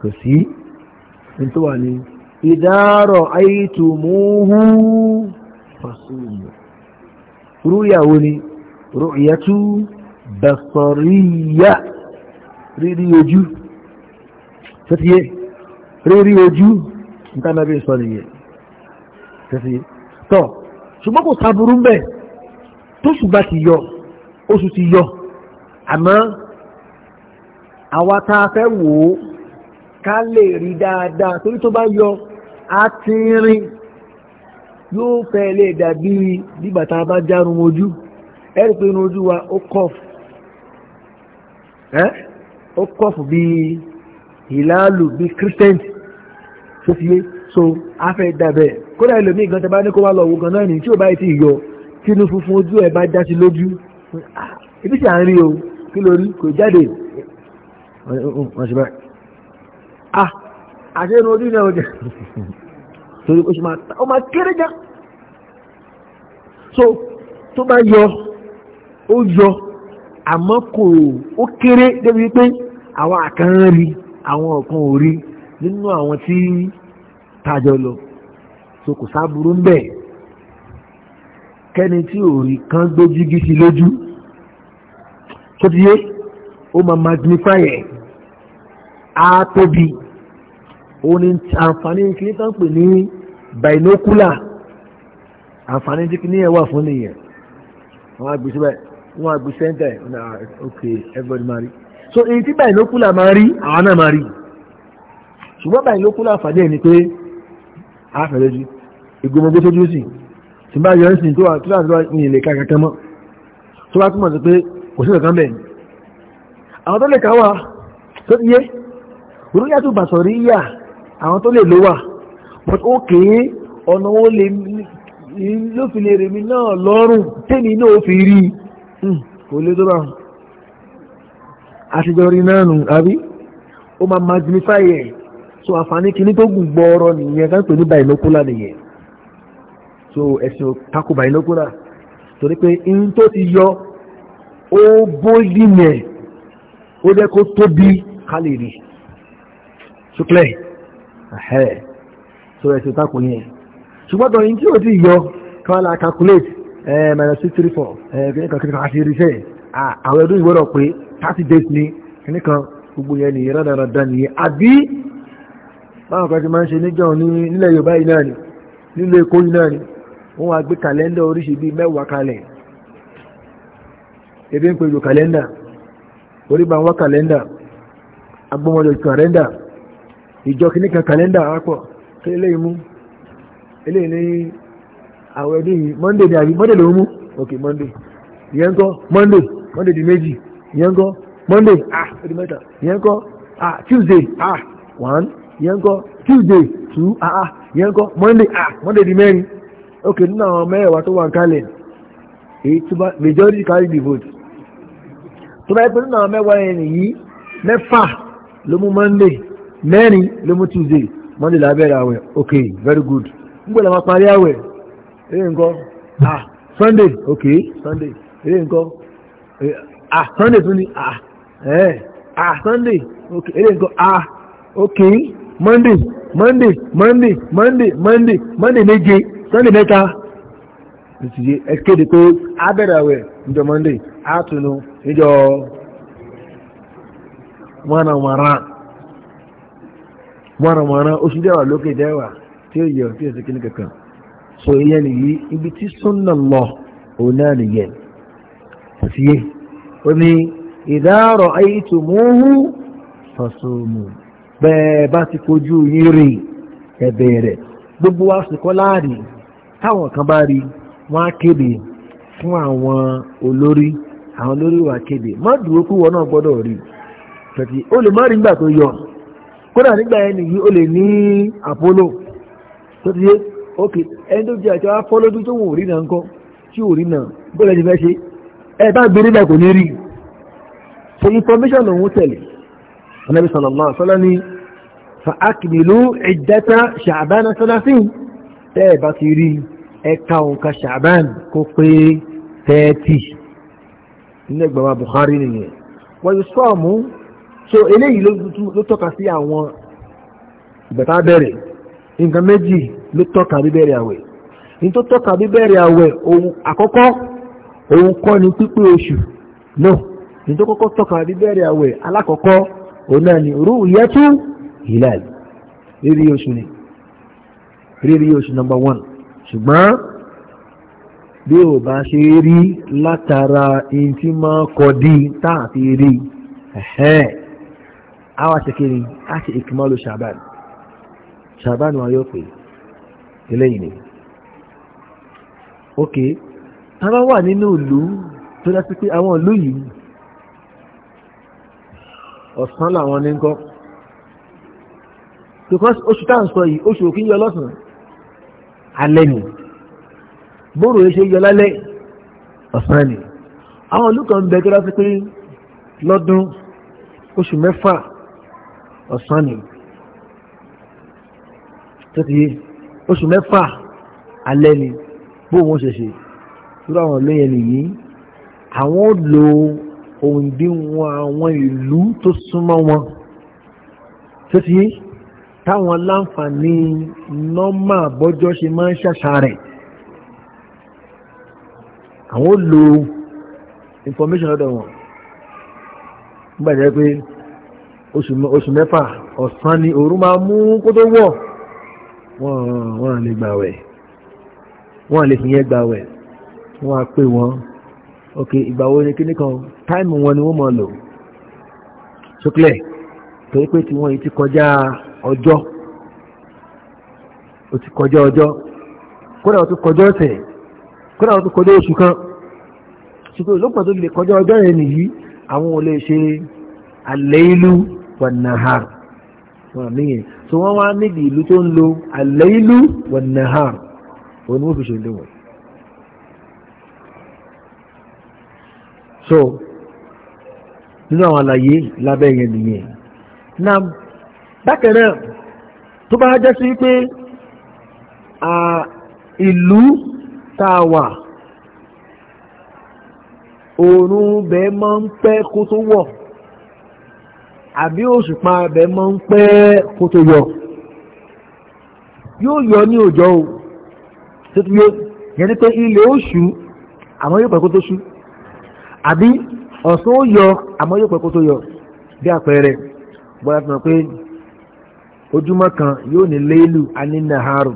kò sí ní tó wà ní ìdárọ̀ àìtùmúhú fàṣùmù rúyàwó ni rúyàtú bẹ̀sọ̀ríyà rírí ojú tẹ́tí yẹ rírí ojú nǹkan náà bí sọ nìyẹn tẹ́tí yẹ tọ́ ṣùgbọ́n kò sáburú mbẹ́ tó ṣùgbà ti yọ oṣù ti yọ àmọ́ àwa tá a fẹ́ wò ó ká lè rí dáadáa torí tó bá yọ á ti rìn yóò fẹ́ lè dàbí nígbà tá a bá járun ojú ẹ pé inú ojú wa ó kọ̀fù ẹ́ ó kọ̀fù bíi ìlàlù bíi kírísítẹ́ǹtì tó fi so a fẹ́ dàbẹ̀ kódà ẹlòmíì gan tẹ bá ní kó wá lọ wo gan náà ní tí ò bá ti yọ tínú funfun ojú ẹ̀ bá já sí lójú. Ah, ibi tí a ń rí o kí ló rí kò jáde wọ́n ṣe báyìí ah àṣẹ inú ojú náà ọjà torí ó máa ta ó máa kéré já so tó bá yọ ó yọ àmọ́ kò ó kéré débi pé àwọn àkàn rí àwọn ọ̀kan ò rí nínú àwọn tí tajọ lọ so kò sábúrú ń bẹ́ẹ̀ kẹ́ni tí ò rí kan gbójú gísí lójú tó ti yé ó máa magnify ẹ̀ á tóbi ó ní àǹfààní kìíní tán pè ní binocular àǹfààní tí kìíní ẹ̀ wà fún nìyẹn wọ́n á gbèsè bẹ́ẹ̀ wọ́n á ń tẹ̀ ok everybody máa rí so èyí tí binocular máa rí àwọn náà máa rí ṣùgbọ́n binocular àǹfààní ẹ̀ ni pé a fẹ̀rẹ̀ sí tí bá yọ ẹ́sìn tó wà tó láti wá ní ilé kàkàkà mọ́ tó bá túnmọ̀ sí pé kò sí ọ̀kan bẹ̀rẹ̀ àwọn tó lè ká tó yé oríyá tó bà sọ̀rí yà àwọn tó lè ló but ó kéé ọ̀nà ó lè ló fi lè rèmi náà lọ́rùn tẹ́mi náà ó fi rí hmm, kò lè tó bá wọn àtijọ́ rí náà nù àbí ó máa magnify ẹ̀ so àǹfààní kinní tó ọ̀rọ̀ nìyẹn ká ń pè ní bàìlókúlà nìyẹn so ẹ̀sìn takùbà inókúnà torí pé in tó ti yọ ó bóyí nẹ̀ ó jẹ́ kó tóbi ká lè ṣúklẹ̀ ẹ̀hẹ́ so ẹ̀sìn takùn yẹn ṣùgbọ́n tọ̀ in tí ó ti yọ kí la calculate ẹ̀ minus six three four ẹ̀ kí ní kan kí ní kan àti irisẹ́ àwọn ẹ̀dùn ìwọ́dọ̀ pé thirty days ni kí ní kan gbogbo yẹn nìyẹn rádaràdà nìyẹn àbí báwọn kan ti máa ń ṣe níjọ́ nílẹ̀ Yorùbá yìí náà ni nílẹ̀ Èkó yìí náà ni wọ́n wá gbé kàlẹ́ndà oríṣi bíi mẹ́wàá kalẹ̀ ebi ń pèlú kàlẹ́ndà oríba ń wá kàlẹ́ndà agbọ́mọdé kàlẹ́ndà ìjọ kìíníkan kàlẹ́ndà àpọ̀ kí eléyìí mú eléyìí ní àwọn ẹbí yìí monday ni àbí monday ló mú ok monday ìyẹn kọ́ monday monday di méjì ìyẹn kọ́ monday ah ó di mẹ́ta ìyẹn ah tuesday ah one ìyẹn tuesday two ah ah ìyẹn kọ́ monday ah monday di mẹ́rin òkè nínú àwọn mẹ́rẹ̀wá tó wà ń kálẹ̀ èyí tó bá majority carry the vote tó bá yẹ pé nínú àwọn mẹ́wàá yẹn nìyí mẹ́fà ló mú monday mẹ́rin ló mú tuesday monday lábẹ́rẹ́ àwẹ̀ ok very good ń gbọ́dọ̀ máa parí àwẹ̀ eré nǹkan ah sunday ok sunday eré nǹkan ah e, sunday tún ni ah eh ah sunday ok eré nǹkan ah ok monday monday monday monday monday monday méje. sunday mẹ́ta ìtìjẹ́ ẹ̀kéde pé abẹ́rẹ́ àwẹ̀ níjọ́ monday àtúnú níjọ́ mọ́nàmọ́ra oṣù dẹ́wà lókè dẹ́wà tí ó yẹ tí ó sì kíní so ìyẹn nìyí ibi tí sunna lọ òun náà nìyẹn àtìyẹ ó ní ìdárọ̀ anyị fàṣọmù bẹ́ẹ̀ bá ti kojú yín rè ẹ̀bẹ̀rẹ̀ gbogbo àsìkò láàrin táwọn kan bá rí wọ́n á kéde fún àwọn olórí àwọn olórí wa kéde má dúró kú wọn náà gbọ́dọ̀ rí tẹ̀tì ó lè má rí nígbà tó yọ kódà nígbà yẹn nìyí ó lè ní àpólò tó ti yé ókè ẹni tó jẹ́ àti wá fọ́ lójú tó wọ́n rí náà ń tí ò rí náà bóyá ti fẹ́ ṣe ẹ bá gbèrè náà kò ní rí so information òun tẹ̀lé Ànábì sallallahu alaihi wasallam ni fa akmilu iddata sha'bana sanasin tẹ́ ẹ̀ bá ti rí ẹ̀ka òǹkà ṣàbán kó pé tẹ́ẹ̀tì nínú ẹgbẹ́ wa Bukhari nìyẹn wọ́n yóò sọ ọ̀mú so eléyìí ló tọ́ka sí àwọn ìbẹ̀tà bẹ̀rẹ̀ nǹkan méjì ló tọ́ka bíbẹ̀rẹ̀ àwẹ̀ ní tó tọ́ka bíbẹ̀rẹ̀ àwẹ̀ ohun àkọ́kọ́ ohun kọ́ ni pípé oṣù náà ní tó kọ́kọ́ tọ́ka bíbẹ̀rẹ̀ àwẹ̀ alákọ̀ọ́kọ́ òun náà ni rú ìyẹ́tú hilal rírí oṣù ni rírí oṣù number one ṣùgbọ́n bí ò bá ṣe rí látara in tí máa kọdí táàfi rí ẹ̀hẹ́n àwa ṣèkiri á ṣe ìkìmọ́lù ṣàbán ṣàbán wọn yóò pè eléyìí ni ok tábà wà nínú ìlú tó dá sí pé àwọn ìlú yìí ọ̀sán làwọn ní ń kọ́ because oṣù tá à ń sọ yìí oṣù òkè ń yọ lọ́sàn-án alẹ́ ni bóòrò yẹn ṣe yọ lálẹ́ ọ̀sán ni àwọn olùkọ́ ń bẹ tó lásì pé lọ́dún oṣù mẹ́fà ọ̀sán ni tó ti oṣù mẹ́fà alẹ́ ni bóòrò ṣe ṣe àwọn olóyè nìyí àwọn lo òǹdíwọ̀n àwọn ìlú tó súnmọ́ wọn tó ti yé táwọn láǹfààní nọ́mà bọ́jọ́ ṣe máa ń ṣàṣà rẹ̀ àwọn lo information lọ́dọ̀ wọn gbàjẹ́ pé oṣù mẹ́fà ọ̀sán ni òru máa mú kó tó wọ̀ wọ́n lè gbàwẹ̀ wọ́n lè fìyẹn gbàwẹ̀ wọ́n á pè wọ́n ok ìgbà ni kíní kan táìmù wọn ni wọ́n mọ̀ lò ṣókílẹ̀ torí pé tí wọ́n yìí ti kọjá ọjọ́ ó ti kọjá ọjọ́ kódà ó ti kọjá ọ̀sẹ̀ kódà ó ti kọjá oṣù kan ṣùgbọ́n lópin tó lè kọjá ọjọ́ yẹn nìyí àwọn ò lè ṣe àlẹ́ìlú wannahar wọn níyẹn so wọ́n wá níbi ìlú tó ń lo àlẹ́ìlú wannahar òun ni wọ́n fi bákan náà tó bá jẹ́ sí pé ìlú tá a wà oòrùn bẹ́ẹ̀ máa ń pẹ́ kó tó wọ̀ àbí òṣùpá bẹ́ẹ̀ máa ń pẹ́ kó tó yọ yóò yọ ní òjò o tó ti yé yẹn ni pé ilẹ̀ oṣù àmọ́ yóò pẹ́ kó tó ṣú àbí ọ̀sán ó yọ àmọ́ yóò pẹ́ kó tó yọ bí àpẹẹrẹ bọ́lá fi hàn pé ojúmọ́ kan yóò ní léèlù anínàhárù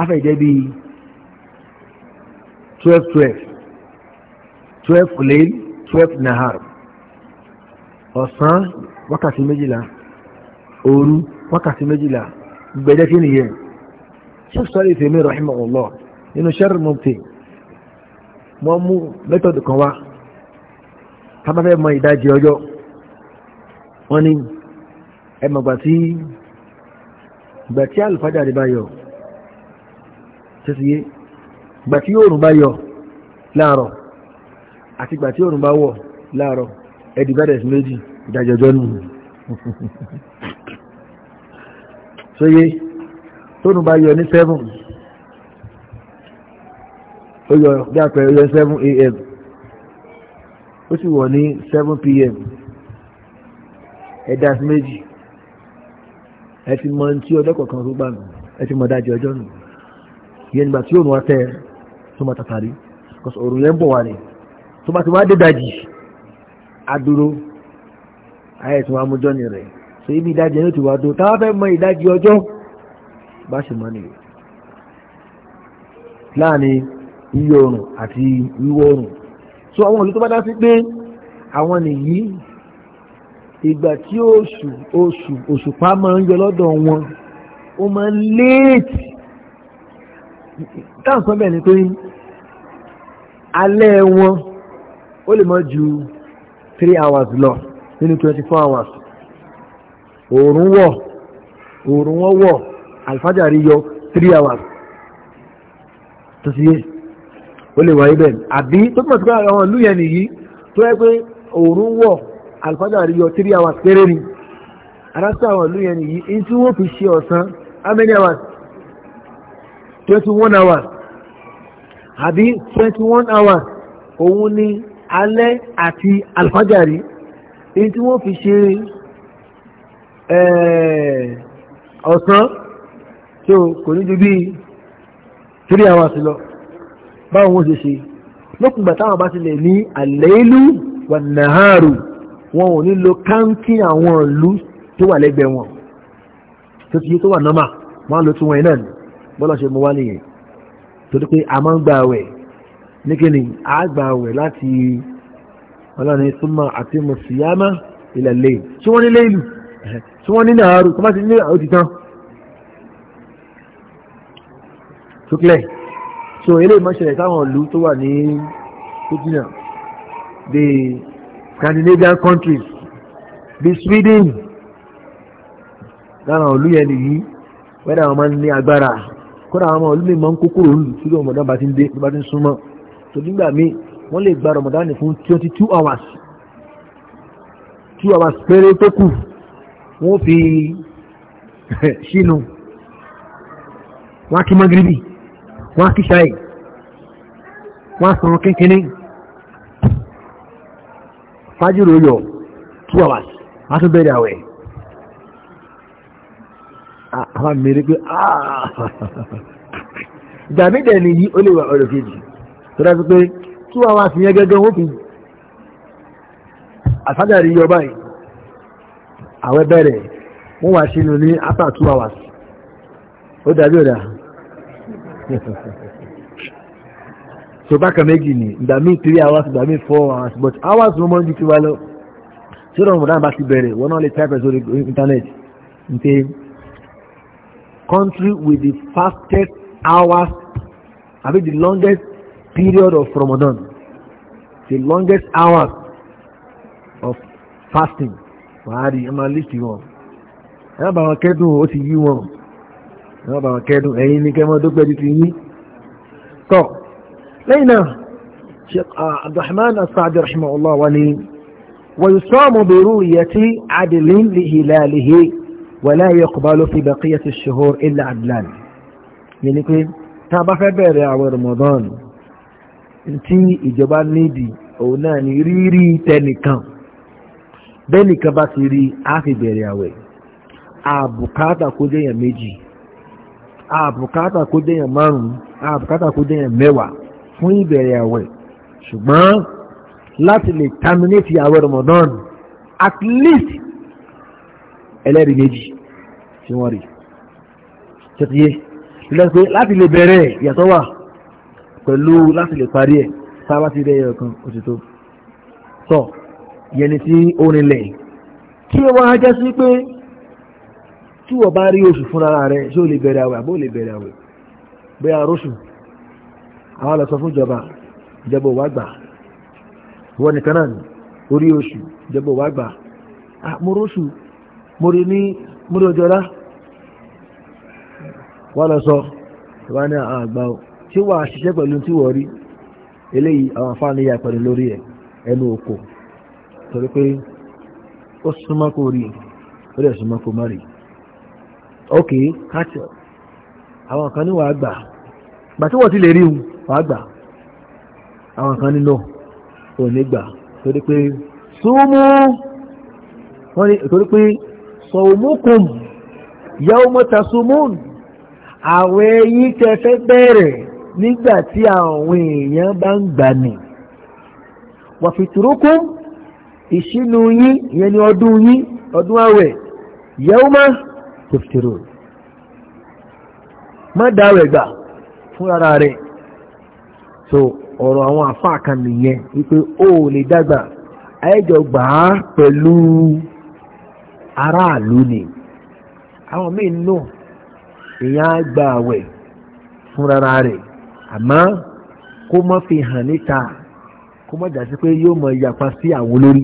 afẹ́jẹ́ bíi twelve twelve twelve léèlù twelve nahárù ọ̀sán wákàtí méjìlá òru wákàtí méjìlá gbẹ̀dẹ́ kí nìyẹn sheikh sọ́lẹ̀ ìfẹ̀mí rahimahullah nínú sharh mubti wọ́n mú mẹ́tọ̀dù kan wá tábàfẹ́ mọ ìdajì ọjọ́ wọ́n ní ẹmọ̀gbà tí gbà tí alùfájàrí bá yọ tẹ́síyé gbà tí oòrùn bá yọ láàrọ̀ àti gbà tí oòrùn bá wọ̀ láàrọ̀ ẹ̀dì bá dẹ̀sí méjì ìdájọjọ́ nù sóyé (laughs) tóòrùn bá yọ ní 7 ó yọ bí àpẹẹrẹ yọ 7 a.m. ó sì wọ̀ ní 7 p.m. ẹ̀dà sí méjì ẹ ti mọ tí ọjọ́ kọ̀ọ̀kan tó gbà nù ẹ ti mọ dájú ọjọ́ nù yẹn nígbà tí òun wá tẹ tó máa tàtàrí kọsọ òrùn yẹn ń bọ̀ wá ni tó bá ti wá dé dájì adúró ayé tí wọ́n á mú jọ́ni rẹ̀ so ibi ìdájì ẹni tó wá dó táwọn fẹ́ mọ ìdájì ọjọ́ bá ṣe mọ́ nìyẹn láàrin yíyọ oòrùn àti wíwọ̀ oòrùn so àwọn òlù tó bá dá sí pé àwọn nìyí ìgbà tí oṣù oṣù òṣùpá máa ń yọ lọ́dọ̀ wọn ó máa ń léètì táǹsán bẹ́ẹ̀ ni pé alẹ́ wọn ó lè mọ́ ju three hours lọ nínú twenty four hours òòrùn wọ̀ òòrùn wọn wọ̀ àlùfájàrí yọ three hours tó ti yé ó lè wáyé bẹ́ẹ̀ àbí tó túmọ̀ sí pé àwọn ìlú yẹn nìyí tó yẹ pé òòrùn wọ̀ alifájà rí yọ three hours péré ni arásá àwọn ìlú yẹn nìyí in tí wọ́n fi ṣe ọ̀sán how many hours twenty one hours àbí twenty one hours òun ni alẹ́ àti alifájà rí in tí wọ́n fi ṣe eh, ọ̀sán so kò ní ju bí three hours lọ báwọn wọ́n ṣe ṣe lókùngbà táwọn bá ti lè ní àlẹ́ ìlú wà nàárù wọn ò ní lo káńtì àwọn ìlú tó wà lẹ́gbẹ̀ẹ́ wọn tó ti yé tó wà nọ́mà wọn á lo tiwọn iná ni bọ́lá ṣe mú wá nìyẹn torí pé a máa ń gba àwẹ̀ ní kí ni a gba àwẹ̀ láti ọlọ́ni súnmọ́ àti mùsùlùmá ilẹ̀ lẹ́yìn tí wọ́n ní lẹ́yìn tí wọ́n ní nàárù tó bá ti ní òtí tán tókílẹ̀ so eléyìí máa ṣẹlẹ̀ táwọn ìlú tó wà ní kókínà Scandinavian countries bíi Sweden lára òlú yẹn nìyí wẹ́dà wọn máa ń ní agbára kódà àwọn ọmọ olùmí máa ń kókòrò òlù tí Ramadan bá ti ń dé bá ti ń súnmọ́ tó nígbà míì wọ́n lè gba Ramadan ní fún twenty two hours two hours péré tó kù wọ́n fi (laughs) sínú wọ́n á kí magribi wọ́n á kí ṣáì wọ́n á sọ̀rọ̀ kínkínní. fájìrò yọ two hours a tún bẹ̀rẹ̀ àwẹ̀ ah, àwọn mẹ́rin pé dàmídẹ̀ ah. ni yí ó ọ̀rọ̀ kejì tó dá pé hours gẹ́gẹ́ wọ́n fi àfájàrí yọ báyìí awa bẹ̀rẹ̀ wọ́n wà sínú ní after two hours ó dàbí ọ̀dà (laughs) so bákan méjì ni ìgbà míì three hours ìgbà míì four hours but hours ló mọ́ ju tiwa lọ tí ọ̀rọ̀ mọ̀dá bá ti bẹ̀rẹ̀ wọ́n náà lè type ẹ̀sọ́ internet n country with the fastest hours àbí the longest period of Ramadan the longest hours of fasting wàá rí ẹ máa list wọn ẹ bá wọn kẹ́dùn ó ti yí wọn ẹ bá wọn kẹ́dùn ẹ̀yin ní kẹ́ mọ́ dópẹ́ ti yín tọ́ lẹ́yìn náà sheikh abdulrahman asaadi rahimahullah wa ni wàyùsọ́ọ̀mù bẹ̀rù yẹtí adìlín lìhìláàlìhì wàlá yaqbalu fi baqiyati ash-shuhur illa adlan mi ni pé tá a bá fẹ́ bẹ̀rẹ̀ àwọn Ramadan tí ìjọba nídìí òun náà ni rírí tẹnìkan bẹ́nìkan bá ti rí a fi bẹ̀rẹ̀ àwẹ̀ àbùkátà kó déyàn méjì àbùkátà kó déyàn márùn-ún àbùkátà kó déyàn mẹ́wàá fún ìbẹ̀rẹ̀ àwẹ̀ ṣùgbọ́n láti lè terminate àwẹ̀ Ramadan at least ẹlẹ́rìí méjì tí wọ́n rí tẹ́tíyé lẹ́sẹ̀ láti lè bẹ̀rẹ̀ ìyàtọ̀ wà pẹ̀lú láti lè parí ẹ̀ sábà ti rẹ̀ ẹ̀yọ̀ òtítọ́ sọ yẹni tí ó rinlẹ̀ kí ó wá jẹ́ sí pé tí wọ́n bá rí oṣù fúnra rẹ̀ ṣé ó lè bẹ̀rẹ̀ àwẹ̀ àbó lè bẹ̀rẹ̀ àwẹ̀ bẹ́ẹ̀ aróṣù àwọn lọ sọ fún ìjọba ìjọba ò wá gbà wọ́n nìkan náà ní orí oṣù ìjọba ò wá gbà moroṣù mori ní mori ọjọ́lá wọ́n lọ sọ ìwà ní àgbà ò tí wà á ṣiṣẹ́ pẹ̀lú tí wọ́n rí eléyìí àwọn afáàní ya pẹ̀lú lórí ẹ̀ ẹnu oko torí pé ó súnmọ́ kó rí ó dẹ̀ súnmọ́ kó má rí ok káàtì àwọn kan níwàá gbà gbà tí wọ́n ti lè rí un wà gbà àwọn kan nínú ò ní gbà torí pé súnmú wọ́n ní torí pé sọ̀wọ́mùkùn yàwó mọ́ta súnmún tẹ́fẹ́ bẹ̀rẹ̀ nígbà tí àwọn èèyàn bá ń gbà ní wàfìtìrókùn ìṣínú yín ìyẹn ni ọdún yín ọdún àwẹ̀ yàwó mọ́ má dáwẹ̀ gbà rẹ̀ so ọ̀rọ̀ àwọn àfáà kan nìyẹn wípé ó lè dàgbà ẹjọ́ gbà á pẹ̀lú aráàlú ni àwọn míì nù èèyàn á gba àwẹ̀ fúnra rẹ̀ àmọ́ kó má fi hàn níta kó má jà sí pé yóò mọ ìyapa sí àwọn olórí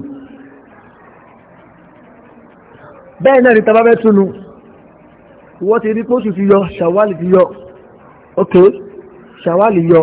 bẹ́ẹ̀ náà ni tá a bá fẹ́ túnu wọ́n ti rí kóṣù ti yọ ṣàwálì ti yọ ok ṣàwálì yọ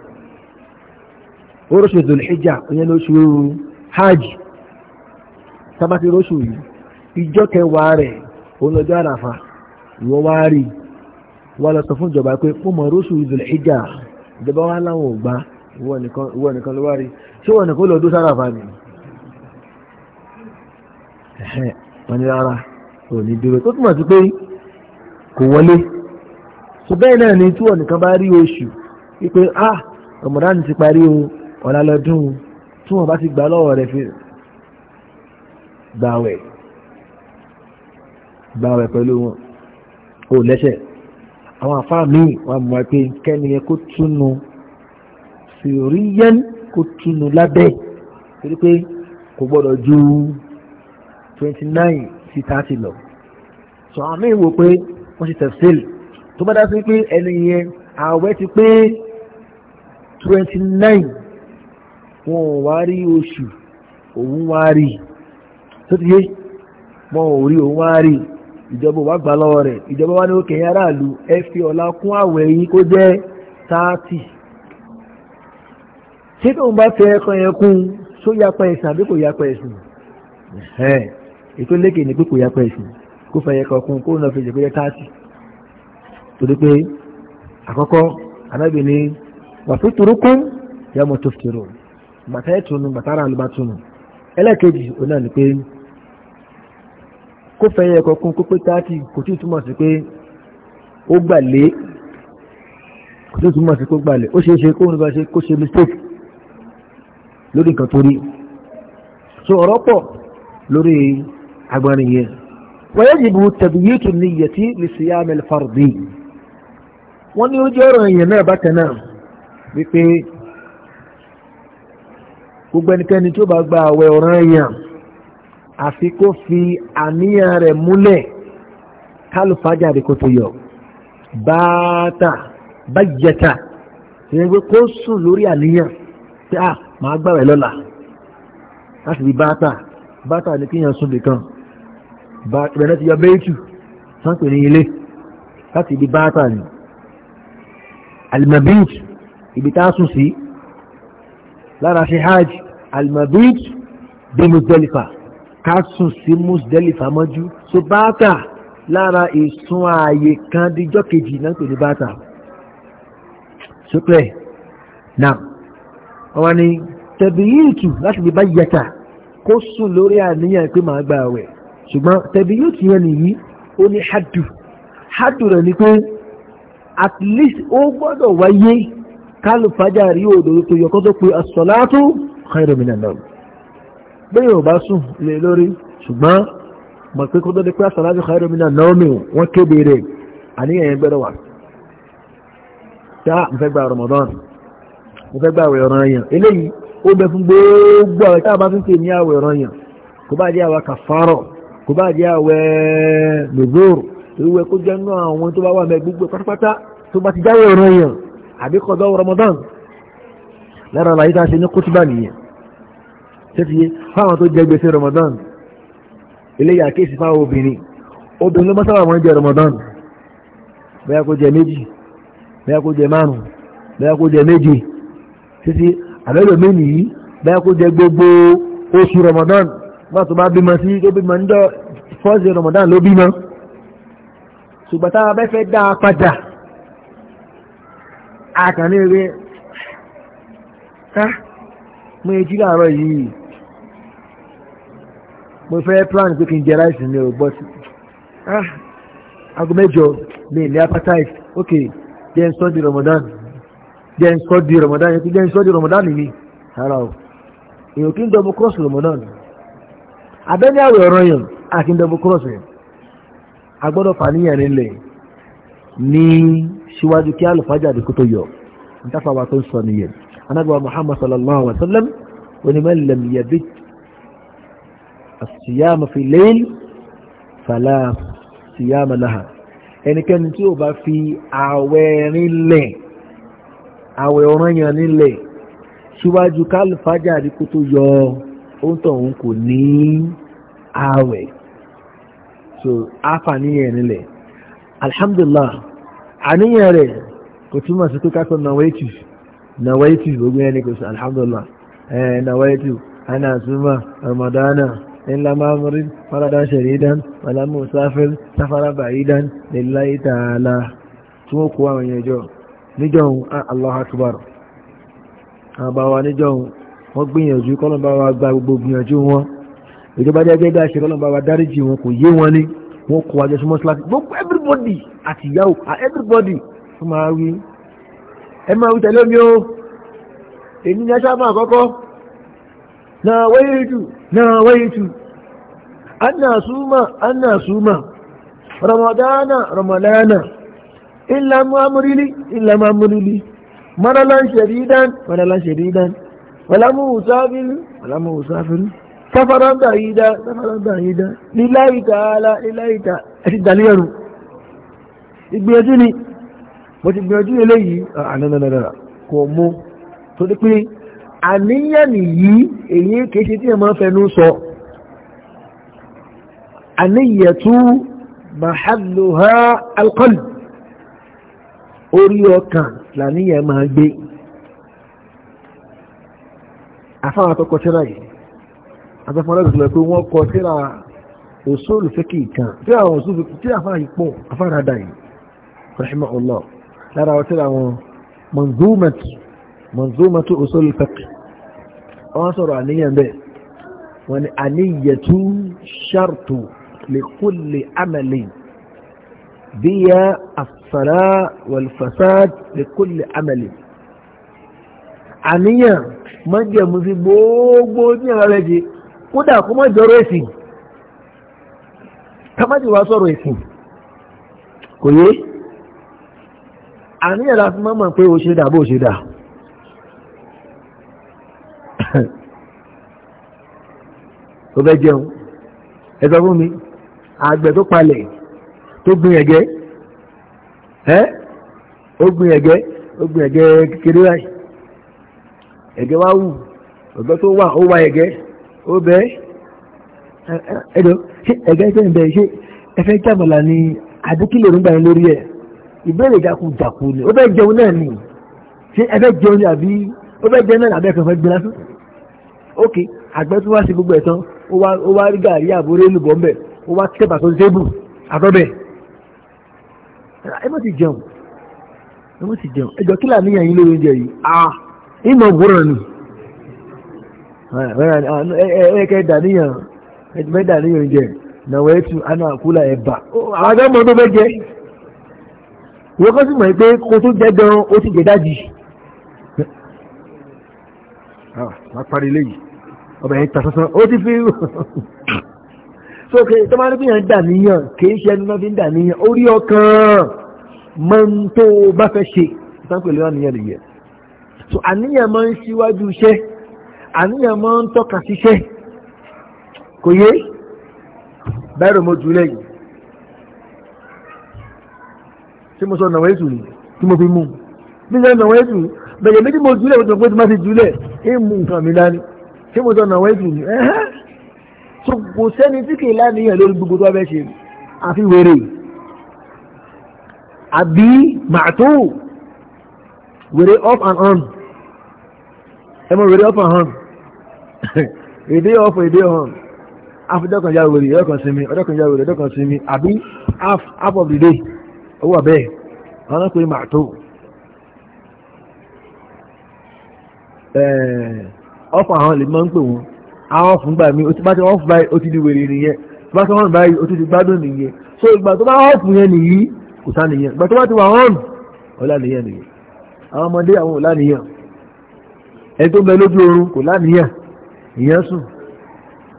oróṣù ìdòlìhíjà ìyẹn lóṣù hajj sábàtì oróṣù yìí ìjọ kẹwàá rẹ̀ òun lọ́jọ́ àràfà ìwọ́n wá rí wọ́n lọ sọ fún ìjọba pé mo mọ̀ oróṣù ìdòlìhíjà ìjọba wa láwọn ò gbà ìwọ nìkan ló wá rí ṣé wọn nìkan lọ sáràfà ni wọ́n ní rárá ò dúró tó túmọ̀ sí pé kò wọlé ṣùgbọ́n náà ni tí wọn nìkan bá rí oṣù wípé ah Ramadan ti parí o ọ̀la lọ́dún tí wọ́n bá ti gbà lọ́wọ́ rẹ̀ fi gbàwẹ̀ gbàwẹ̀ pẹ̀lú wọn ò lẹ́sẹ̀ àwọn àfáà míì wọn mọ̀ pé kẹ́ni yẹn kó túnu sìríyẹ́n kó túnu lábẹ́ torí pé kò gbọ́dọ̀ ju twenty nine sí thirty lọ sọ àmì ìwò pé wọ́n ti tẹ̀sílì tó bá dá sí pé ẹni yẹn ààwẹ̀ ti pé twenty nine wọn wari wá rí oṣù òun wá tó ti yé wọn ò rí òun wá rí ìjọba wà gbà lọ́wọ́ rẹ̀ ìjọba wà ní òkè yẹn aráàlú ẹ fi ọ̀la kún àwẹ̀ yín kó jẹ́ táàtì ṣé tóun bá fẹ́ ẹ̀kan yẹn kún só yapa ẹ̀sìn àbí kò yapa ẹ̀sìn ètò lékè ní pé kò yapa ẹ̀sìn kó fẹ́ yẹ kọ̀ọ̀kún kó náà fi bàtà ẹ̀tùnú bàtà ara àlùbá túnú ẹlẹ́ẹ̀kejì òun náà ni pé kó fẹ́yẹ ẹ̀kọ́ kún kó pé táàtì kò tí ì túmọ̀ sí pé ó gbà lé kò tí ì túmọ̀ sí pé ó gbà ó ṣeé ṣe kó nípa ṣe kó ṣe mistake lórí nǹkan tó rí so ọ̀rọ̀ pọ̀ lórí agbárin yẹn wa yajibu tabyitu niyyati li siyam al-fardi wọ́n ní ó jẹ́ ọ̀rọ̀ èèyàn náà bákan náà wípé gbogbo ẹnikẹ́ni tí ó bá gba àwẹ̀ ọ̀ranyàn àfi kó fi àníyàn rẹ̀ múlẹ̀ kálùfájà rẹ̀ kó tó yọ báátà bájẹta ìyẹn pé kó sùn lórí àníyàn tí a ah, máa gbàwẹ̀ lọ́la láti fi báátà báátà ni kíyàn sùn nìkan bẹ̀rẹ̀ ti yọ bẹ́ẹ̀tù sáńpẹ̀ ní ilé láti ibi báátà ni alimabit ibi tá a sùn sí lára ṣe hajj almabid bí Muzdalifa ká sùn sí Muzdalifa mọ́jú so báàtà lára ìsun ààyè kan díjọ́ kejì náà pè ní báàtà sópẹ́ náà wọ́n wá ní tẹ̀bíyìtù láti lè bá yẹta kó sùn lórí àníyàn pé màá gba àwẹ̀ ṣùgbọ́n tẹ̀bíyìtù yẹn nìyí ó ní hadu hadu rẹ̀ ni pé at least ó gbọ́dọ̀ wáyé kálù fàájà rí òdòdó tó yọkọ́ tó pe as-salatu khairu minan nawm bẹ́ẹ̀ ò bá sùn lè lórí ṣùgbọ́n mọ̀ pé kó tó di pé as-salatu khairu minan nawm mi wọ́n kéde rẹ̀ àníyàn yẹn gbẹ́rẹ̀ wà tá mo fẹ́ gba Ramadan mo fẹ́ gba àwẹ̀ ọ̀ràn yẹn eléyìí ó bẹ fún gbogbo àwẹ̀ tá a bá fi ń ní àwẹ̀ yẹn kò bá jẹ́ àwẹ̀ kàfárọ̀ kò bá jẹ́ àwẹ̀ lòzóòrò ìwẹ̀ kó jẹ́ nú àwọn tó bá wà mẹ́ gbogbo pátápátá tó bá ti jáwé ọ̀ràn yẹn àbí kọ́dọ̀ Ramadan lára àlàyé tá a ṣe ní kútùbà nìyẹn ṣé ti yé fáwọn tó jẹ gbèsè Ramadan eléyà kéèsì fáwọn obìnrin obìnrin ló mọ́sáwà wọn jẹ Ramadan bẹ́ẹ̀ kó jẹ méjì bẹ́ẹ̀ kó jẹ márùn bẹ́ẹ̀ kó jẹ méje títí àbẹ́lò méjì yìí bẹ́ẹ̀ kó jẹ gbogbo oṣù Ramadan bá tó bá bímọ sí tó bímọ níjọ́ fọ́ọ̀sì Ramadan ló bímọ ṣùgbọ́n tá bẹ́ fẹ́ dá a padà àkànlẹ́rẹ́ ká mo ejí láàárọ̀ yìí mo fẹ́ plan pé kí n jẹ ráìsì ní o but aago mẹ́jọ mi ní appetite ok jẹ́ sọ́ di Ramadan jẹ́ sọ́ di Ramadan yẹn kí Ramadan mi rárá o èèyàn kí n cross Ramadan abẹ́ni àwẹ̀ ọ̀rọ̀ a cross yẹn a gbọ́dọ̀ fàníyàn síwájú kí alùfájàrí kó tó yọ ìtafàwà tó ń sọ nìyẹn anábíwá muhammad sallallahu alaihi wa sallam onímọ̀ lẹ́m yabit asiyama fi lẹ́yìn fàlà siyama laha ẹnikẹ́ni tí ó bá fi àwẹ̀ rinlẹ̀ àwẹ̀ ọ̀ranyàn nílẹ̀ síwájú kí alùfájàrí kó tó yọ ohun tó ń kò ní àwẹ̀ so afa níyẹn nílẹ̀ alhamdulillah àníyàn rẹ̀ kò túmọ̀ sí pé kákọ́ nawaitu nawaitu gbogbo yẹn ni kò alhamdulillah ana in lamamurin farada sharidan wala musafir safara ba'idan lillahi ta'ala tí wọ́n kó jọ allah akbar wa gba gbogbo gbìyànjú wọn ìjọba jẹ́gẹ́ a ṣe kọ́lọ̀bá wa dáríjì wọn kò wọ́n kó wájú sí mọ́ṣáláṣí gbogbo everybody àti ìyàwó everybody wọ́n máa wí ẹ máa wí tẹ̀lé mi o èmi ní aṣáájú àkọ́kọ́ náà wáyé tù náà wáyé tù anna suma anna suma ramadana ramadana illa mu'amrili illa mu'amrili maralan shadidan maralan shadidan wala mu usafiru wala mu usafiru safaran ba'ida safaran ba'ida lillahi ta'ala lillahi ta'ala àti ìdàlẹ́rù ìgbìyànjú ni mo ti gbìyànjú eléyìí ànánàdàdà ah, ah, kò mú tó ní pé àníyàn nìyí èyí kìí ṣe tí ẹ máa fẹnu sọ àníyàtú mahalluha alqalb orí ọkàn làníyàn máa gbé afáwọn àtọkọ tíra yìí afẹ́fọ́nrẹ́sì lọ pé wọ́n kọ síra òṣòlù fẹ́kì kan tí àwọn òṣòlù tí àfáà yìí pọ̀ afárádà yìí rahimahullah lára wọ́n síra wọn manzumatu manzumatu òṣòlù fẹ́kì wọ́n sọ̀rọ̀ àníyàn bẹ́ẹ̀ wọ́n ni àníyàtú ṣàrtù lèkúlè amẹ́lì bíyà àfàrà wàlfàsáàd lèkúlè amẹ́lì àníyàn mọ́jẹ̀mú sí gbogbo ní ọ̀rẹ́jì kódà kó má jọrọ ẹ̀sìn ká má jùlọ sọ̀rọ̀ ẹ̀sìn kò yé àníyàn láti má mọ̀ pé o ṣe dà bó o ṣe dà tó fẹ́ jẹun ẹ sọ fún mi àgbẹ̀ tó palẹ̀ tó gbin ẹ̀gẹ́ ẹ́ ó gbin ẹ̀gẹ́ ó gbin ẹ̀gẹ́ kékeré láì ẹ̀gẹ́ wá wù ọ̀gbẹ́ tó wà ó wá ẹ̀gẹ́ ó bẹ́ ẹ̀dọ́ ṣé ẹ̀gẹ́ ṣe ń bẹ̀ ṣé ẹ̀fẹ́ jàmọ̀lá ni àdékìlẹ̀ nígbà yẹn lórí ẹ̀ ìbéèrè jákú jàkú ni ó bẹ́ jẹun náà ni ṣé ẹ̀fẹ́ jẹun ni àbí ó bẹ́ jẹun náà ni àbí ẹ̀fẹ́ fẹ́ gbé lásán ok àgbẹ̀ tó wá sí gbogbo ẹ̀ tán ó wá rí gàrí àbúrò èlùbọ̀ ńbẹ̀ ó wá tẹ́bà tó tébù àtọ́bẹ̀ ẹ mọ̀ ti jẹun ẹ mọ̀ ti jẹun ẹjọ́ kí làníyàn yín lórí oúnjẹ yìí ah ìmọ̀ òwúrọ̀ ni ẹ̀ẹ́kẹ́ dàníyàn ẹ̀ẹ́kẹ́ dàníyàn jẹ nàwọ̀ ẹ̀tù àná àkúlà ẹ̀bà àwọn ọmọ tó fẹ́ jẹ wọ́n kọ́ sí mọ̀ pé kó tó jẹ́ gan ó ti jẹ dájì máa parí léyìí ọba yẹn ta sọ́sọ́ ó ti fi sókè tó máa ń fi hàn dàníyàn kìí ṣe ẹnu náà fi ń dàníyàn orí ọkàn máa ń tó bá fẹ́ ṣe ìtàn pẹ̀lú àníyàn nìyẹn so àníyàn máa ń ṣíwájú iṣẹ́ àníyàn máa ń tọ́ka síṣẹ́ kò yé bẹ́ẹ̀rù mo jùlẹ̀ yìí tí mo sọ nàwọ́ èsù yìí tí mo fi mú bí sọ nàwọ́ èsù bẹ̀rẹ̀ méjì mo jùlẹ̀ mo sọ pé tí má ti jùlẹ̀ ẹ mú nǹkan mi dání tí mo sọ nàwọ́ èsù yìí ẹ̀hẹ́ tó kò sẹ́ni tí kì í láníyàn lórí gbogbo tó abẹ́ ṣe àfi wèrè àbí màtó wèrè up and on ẹ mọ wèrè up and on èdè ọ̀fù èdè ọ̀hún afọ́jọ́kan yà wèrè ọ̀kan sinmi ọ̀dọ́kan yà wèrè ọ̀dọ́kan sinmi àbí half of the day owó ọ̀bẹ́ ọ̀nà pé màá tó ọ̀fọ̀ àwọn lè máa ń pè wọ́n àwọn ọ̀fún gbà mí bá ti wọ́n fún báyìí ó ti di wèrè nìyẹn bá ti wọ́n báyìí ó ti di gbádùn nìyẹn so ìgbà tó bá ọ̀fún yẹn nìyí kò sá nìyẹn ìgbà tó bá ti wà ọ̀n ọ̀là nìyẹn nìyẹn àwọn ọmọdé àwọn ọ̀là nìyẹn ẹni tó bẹ lójú oorun kò lá nìyẹn ìyẹn sùn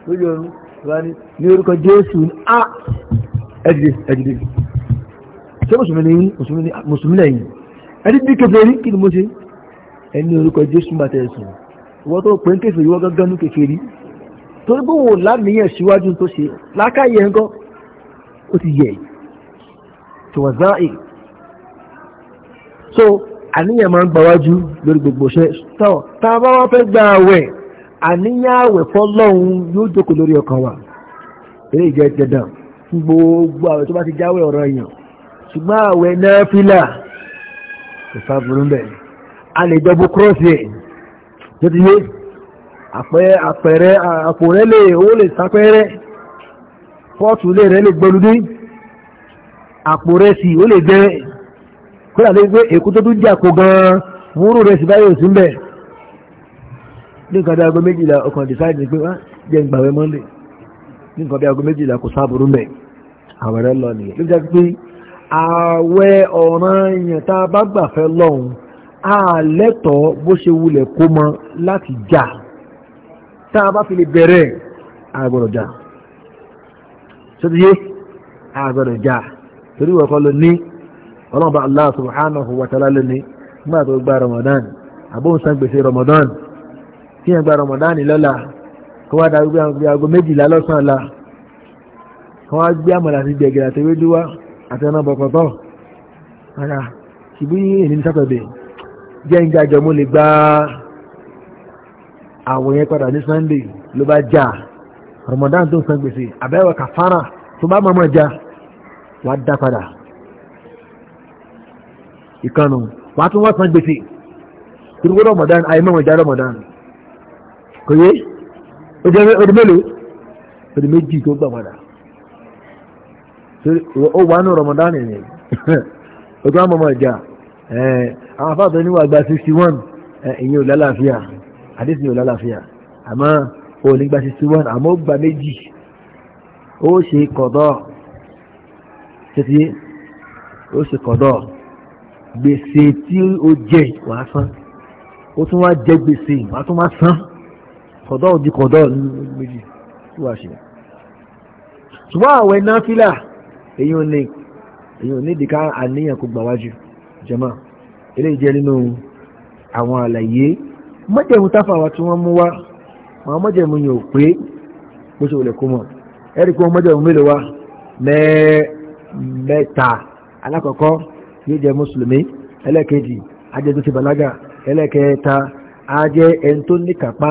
lójú ọ̀run ìwà ni ní orúkọ jésù ní a ẹ̀dìdì ẹ̀dìdì ṣé mùsùlùmí ni mùsùlùmí ni mùsùlùmí lẹ́yìn ẹ̀dìdì kèfèrí kí ni mo ṣe ẹni orúkọ jésù bàtà ẹ̀sùn ìwọ́n tó pè ń kèfèrí wọ́n gángan ní kèfèrí torí bó wò láníyàn síwájú tó ṣe lákàyè ńkọ́ ó ti yẹ tòwàzáì so àníyàn máa ń gbáwájú lórí gbogbo ṣe tọ́ tá a bá wá fẹ́ gba àwẹ̀ àníyàn àwẹ̀ fọ́lọ́hun yóò jókòó lórí ọkàn wa eré ìjẹ́ dandan fún gbogbo àwẹ̀ tó bá ti jáwé ọ̀rọ̀ èèyàn ṣùgbọ́n àwẹ̀ náfìlà kò sábúrú bẹ̀ a lè dọ́bù kírọ́ọ̀sì ẹ̀ tó ti yé àpẹẹrẹ àpò rẹ lè owó lè sápẹ́rẹ́ pọ́ọ̀tù lè rẹ lè gbọ́lúdé àpò rẹ sì ó lè gbẹ́ kó dàbí pé èkó tó tún jẹ́ àpò gan-an wúrú rẹ sì báyìí ò sí ń bẹ̀ ní nǹkan bí aago méjìlá ọkàn decide ni pé wá ah, jẹ́ ń gbàwẹ̀ monday ní nǹkan bí aago méjìlá kò sáàbùrú mẹ́ àwẹ̀ rẹ̀ lọ nìyẹn ló jẹ́ pé àwẹ̀ ọ̀ràn yẹn tá a bá gbàfẹ́ lọ́hùn á bó ṣe wulẹ̀ kó mọ láti jà tá a bá fi lè bẹ̀rẹ̀ àgbọ̀dọ̀ jà sọ́dọ̀ yé àgbọ̀dọ̀ jà torí wọ́n kọ́ ló ní ọlọ́run bá Allah subhanahu wa ta'ala lónìí nígbà tó gba Ramadan àbóhùn san gbèsè Ramadan kí yẹn gba Ramadan lọ́la kó wá darí bí aago méjìlá lọ́sàn-án la kó wá gbé àmàlà àti gbẹ̀gẹ̀rẹ̀ àti ewédú wá àti ẹran bọ̀kọ̀tọ̀ ara ṣùgbọ́n yìí èmi ní sátọ̀dẹ̀ jẹ́ ń jájọ mo lè gba àwọ̀ yẹn padà ní Sunday ló bá jà Ramadan tó ń san gbèsè àbẹ́wò kàfárà tó bá mọ̀mọ́ jà wàá dá padà ìkànnù wàá tún wá san gbèsè tó ń Ramadan àyè mọ̀mọ́ jà Ramadan kò yé odi mélòó odi méjì tó gbà padà ó wà nù Ramadan nìyẹn (laughs) o tó àmọ́ máa jà àwọn afáàtọ̀ níwà gba 61 one ìyẹn ò lálàáfíà àdéhùn ò lálàáfíà àmọ́ ò ní gba sixty one àmọ́ ó gba méjì ó ṣe kọ̀dọ̀ títí ó ṣe kọ̀dọ̀ gbèsè tí ó jẹ wàá san ó tún wá jẹ gbèsè wàá tún wá san kọ̀dọ̀ òdi kọ̀dọ̀ méjì tí wàá ṣe ṣùgbọ́n àwẹ̀ náfìlà èyí ò ní èyí ò ní ìdíkà àníyàn kò gbà wájú jàmá eléyìí jẹ́ nínú àwọn àlàyé mọ́jẹ̀mú táfà wa tí wọ́n mú wá àwọn mọ́jẹ̀mú yìí ò pé bó ṣe wòlẹ̀ kó mọ̀ ẹ̀rí kó mọ́jẹ̀mú mélòó wá mẹ́ta alákọ̀ọ́kọ́ yóò jẹ́ mùsùlùmí ẹlẹ́ẹ̀kejì ajẹ́ tó ti bàlágà ẹlẹ́ẹ̀kẹta ajẹ́ ẹni tó níkàpá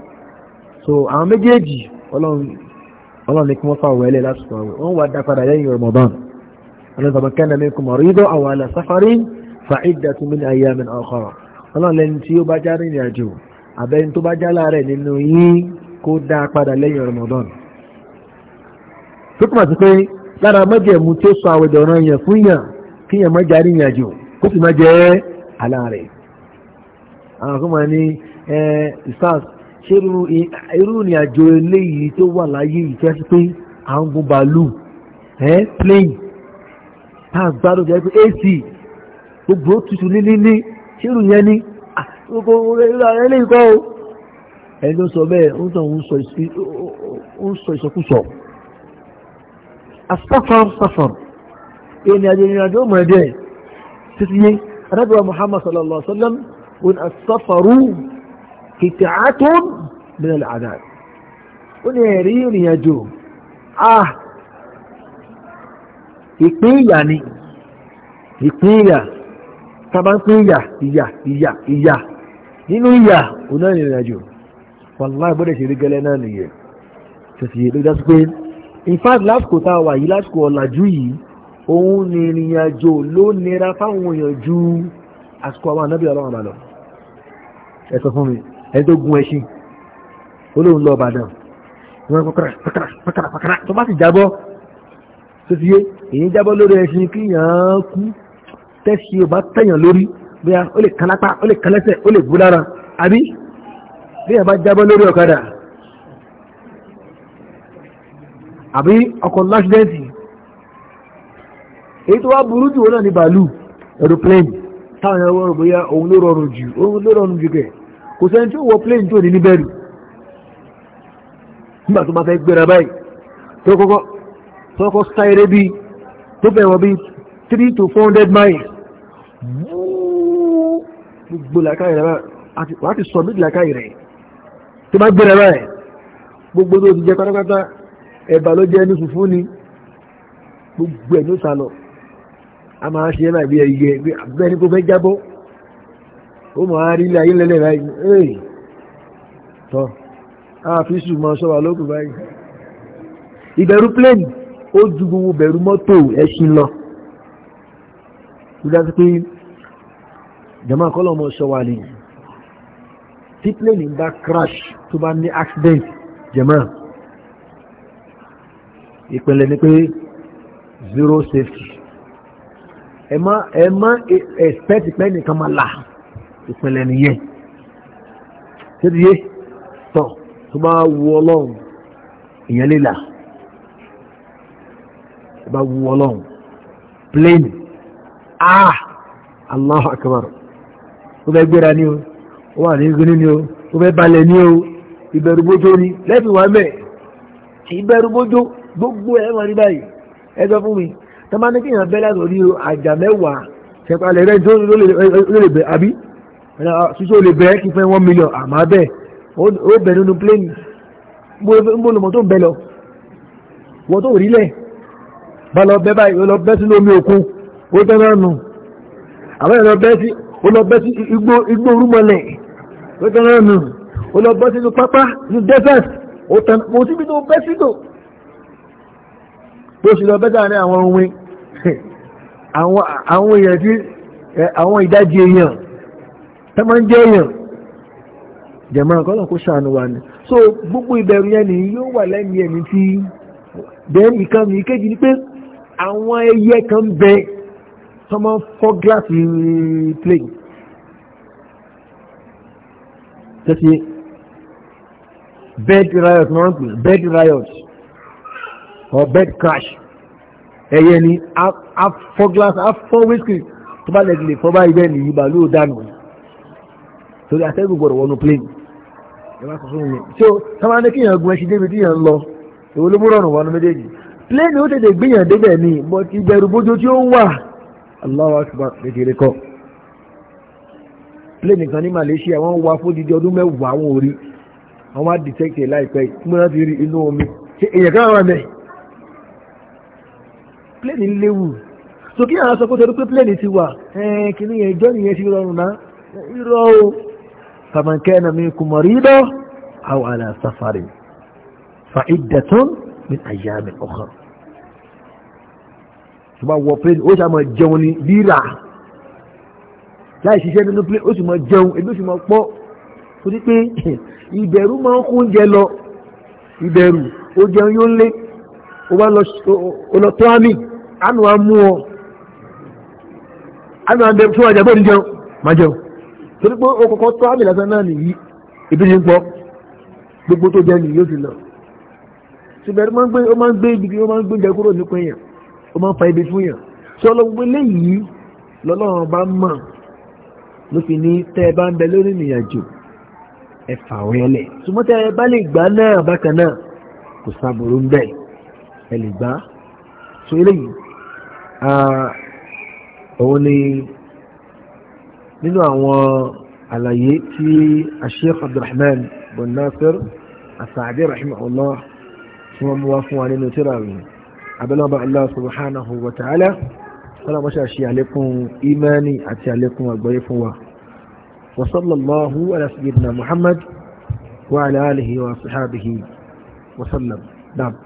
so àwọn méjèèjì ọlọ́run ní kí wọ́n fàwọ̀ ẹlẹ́ lásìkò àwẹ̀ wọ́n wà dápadà lẹ́yìn Ramadan ọlọ́run sọ̀rọ̀ kẹ́nà mi kò mọ̀rọ̀ yídọ́ àwọn àlà sáfárí fa iddatun min ayyamin ukhra ọlọ́run lẹ́ni tí ó bá já rìnrìn àjò àbẹ́ni tó bá já láàrẹ̀ nínú yín kó dá padà lẹ́yìn Ramadan tó túmọ̀ sí pé lára mọ́jẹ̀mú tí ó sọ àwẹ̀ dọ̀rọ̀ ṣé irú ìrìn àjò eléyìí tó wà láyé yìí tó ṣe pé à ń gun bàálù ẹ́ plane tá a gbádùn jẹ́ pé ac gbogbo tutù nílílí ṣé irú yẹn ni gbogbo ìrìn àjò eléyìí kọ́ o ẹni tó sọ bẹ́ẹ̀ ó tàn ń sọ ìsọkúsọ asafar safar ìrìn àjò ìrìn àjò mọ̀ ẹ́ dẹ́ títí yé adájọ́ Muhammad sallallahu alaihi wa sallam wọn asafaru kìtàtún من العذاب. ó ní آه. ìrìn àjò ah ìpín ìyà ni ìpín ìyà sábà ń pín ìyà ìyà ìyà ìyà nínú ìyà òun náà ìrìn àjò wàláì bọ́dẹ̀ ṣe rí gẹ́lẹ́ náà nìyẹn tẹ̀sí ló dá sí pé in fact lásìkò tá a wà yìí lásìkò ọ̀làjú yìí òun ni ìrìn àjò ló nira fáwọn èèyàn ju àsìkò àwọn ànábì ọlọ́run àbàlọ́ ẹ sọ fún mi ẹni tó gun ẹṣin olóhùn lọ Ìbàdàn ìwọ̀n pàkàrà pàkàrà pàkàrà pàkàrà tó bá sì jábọ́ tó ti yé èyí jábọ́ lórí ẹṣin kí yàn kú tẹ́sí ò bá tẹ̀yàn lórí bí ó lè kan lápá ó lè kan lẹ́sẹ̀ ó lè bú lára àbí bí yàn bá jábọ́ lórí ọ̀kadà àbí ọkọ̀ lásìdẹ́ǹtì èyí tó wá burú jù wọn náà ní bàálù aeroplane táwọn ẹ̀rọ bóyá òun ló rọrùn jù òun ló rọrùn jù kẹ́ẹ̀ kò sẹ́ni tí ó wọ plane tí ò ní ní bẹ́ẹ̀rù nígbà tó máa fẹ́ gbéra báyìí tó kọ́kọ́ tó kọ́kọ́ sáré bíi tó fẹ́ wọ bíi three to four hundred miles gbogbo làkàyè rẹ̀ wàá ti sọ mí làkàyè rẹ̀ tó máa gbéra báyìí gbogbo tó ti jẹ pátápátá ẹ̀bà ló jẹ́ ní funfun ni gbogbo ẹ̀ ló sálọ a máa ṣe é láì bí ẹ̀yẹ bí abẹ́ni kò fẹ́ jábọ́ ó máa rí ilé ayé lẹ́lẹ̀ báyìí ee tọ́ àfíṣù máa sọ́wà lókùn báyìí ìbẹ̀rù plane ó ju gbogbo bẹ̀rù mọ́tò ẹṣin lọ ìdá sí pé jama kọ́lọ̀ mọ́ sọ́wà lè tí plane bá crash tó bá ní accident jama ìpínlẹ̀ ni pé zero safety ẹ má ẹ má expect pé nìkan máa là ìpínlẹ̀ nìyẹn tẹ́tíyé tọ́ tó bá wu ọlọ́run èèyàn lè là tó bá wu ọlọ́run plane ah Allahu akbar ó bẹ́ gbéra ní o ó wà ní gíní ní o ó bẹ́ balẹ̀ ní o ìbẹ̀rùbójó ni lẹ́fìn wà mẹ́ ìbẹ̀rùbójó gbogbo ẹ̀ wà ní báyìí ẹ sọ fún mi tọ́mọ́ ní kí èèyàn bẹ́ látọ̀ àjà mẹ́wàá ṣẹ̀pálẹ̀ rẹ̀ tó lè bẹ̀ àbí ṣíṣe ò lè bẹ̀rẹ̀ kí fẹ́ one million àmọ́ bẹ́ẹ̀ ó bẹ̀rẹ̀ nínú plane ń bó lọmọ tó ń bẹ lọ wọ́n tó rí lẹ̀ bá lọ bẹ́ báyìí ó lọ bẹ́ sínú omi òkun ó bẹ́ náà nù àbẹ́ lọ bẹ́ sí ó lọ bẹ́ sí igbó orúmọlẹ̀ ó bẹ́ náà nù ó lọ bẹ́ sínú pápá ní desert ó tẹ̀ mọ síbi tó bẹ́ sí tò tó sì lọ bẹ́ sáré àwọn ohun (laughs) àwọn èèyàn tí àwọn ìdajì èèyàn tẹ́ máa ń jẹ́ èèyàn jẹ̀mọ́ kọ́lọ̀ kó ṣàánú wa ni so gbogbo ìbẹ̀rù yẹn ni yóò wà lẹ́nu ẹ̀mí tí bẹ́ẹ̀ nìkan mi kéjì ni pé àwọn ẹyẹ kan bẹ tó máa ń fọ́ gíláàsì plane tẹ́sí bed riot náà ń pè bed riot or bed crash ẹyẹ ni afọ́ gíláàsì afọ́ wíṣkì tó bá lẹ́gbẹ̀ẹ́ fọ́ báyìí bẹ́ẹ̀ nìyí bàálù dànù torí atẹ́gùn gbọ́dọ̀ wọnú plane ìwà sọ fún mi so sábà ní kíyàn gun ẹṣin débi tíyàn lọ èwo ló múrọ̀nù wọnú méjèèjì plane ó tètè gbìyàn débẹ̀ ni but ìbẹ̀rù bójú tí ó wà Allahu Akbar kékeré kọ́ plane kan ní Malaysia wọ́n wá fún dídí ọdún mẹ́wàá wọn ò rí wọ́n wá detect ẹ̀ láìpẹ́ múra ti rí inú omi ṣe èèyàn kan wà mẹ́ plane léwu so kí àwọn sọ pé torí pé plane ti wà ẹ̀ẹ́n kìnìyàn ìjọ́ nìyẹn ti rọrùn náà irọ́ o. فمن كان منكم مريضا أو على سفر فعدة من أيام أخرى ṣùgbọ́n wọ plane ó ṣàmọ̀ jẹun ní rírà láì ṣiṣẹ́ nínú plane ó sì mọ̀ jẹun ebi ó sì mọ̀ pọ̀ torí pé (laughs) ìbẹ̀rù máa ń kún jẹ lọ ìbẹ̀rù ó jẹun yóò lé ó wá lọ tó àmì àánú wa ọ àánú wa fún àjàgbọ́n ní jẹun jẹun torí pé o kọ̀kọ́ tó àmì lásán náà nìyí ebi ní gbọ́ gbogbo tó jẹ́ nìyí ó sì lọ ṣùgbọ́n ó máa ń gbé ibi ó máa ń gbé jẹ kúrò nípa èèyàn ó máa ń fa ibi fún èèyàn ṣé ọlọ́gbọ́n léyìí lọ́lọ́run bá mọ̀ ló fi ní tẹ́ ẹ bá ń bẹ lórí ìrìnàjò ẹ fà wẹ́lẹ̀ ṣùgbọ́n tẹ́ ẹ bá lè gbà náà bákan náà kò sábòrò ń bẹ̀ ẹ lè gbà so eléyìí òun ni nínú àwọn àlàyé tí asheikh abdulrahman bin nasir asaadi rahimahullah tí wọ́n mú wá fún wa nínú tírà rẹ̀ abẹ́lọ́ba allah subhanahu wa ta'ala kọ́lá mọ́ṣá ṣe àlékún imani àti àlékún àgbọ́yé fún wa wa sallallahu ala sayyidina muhammad wa ala alihi wa sahabihi wa sallam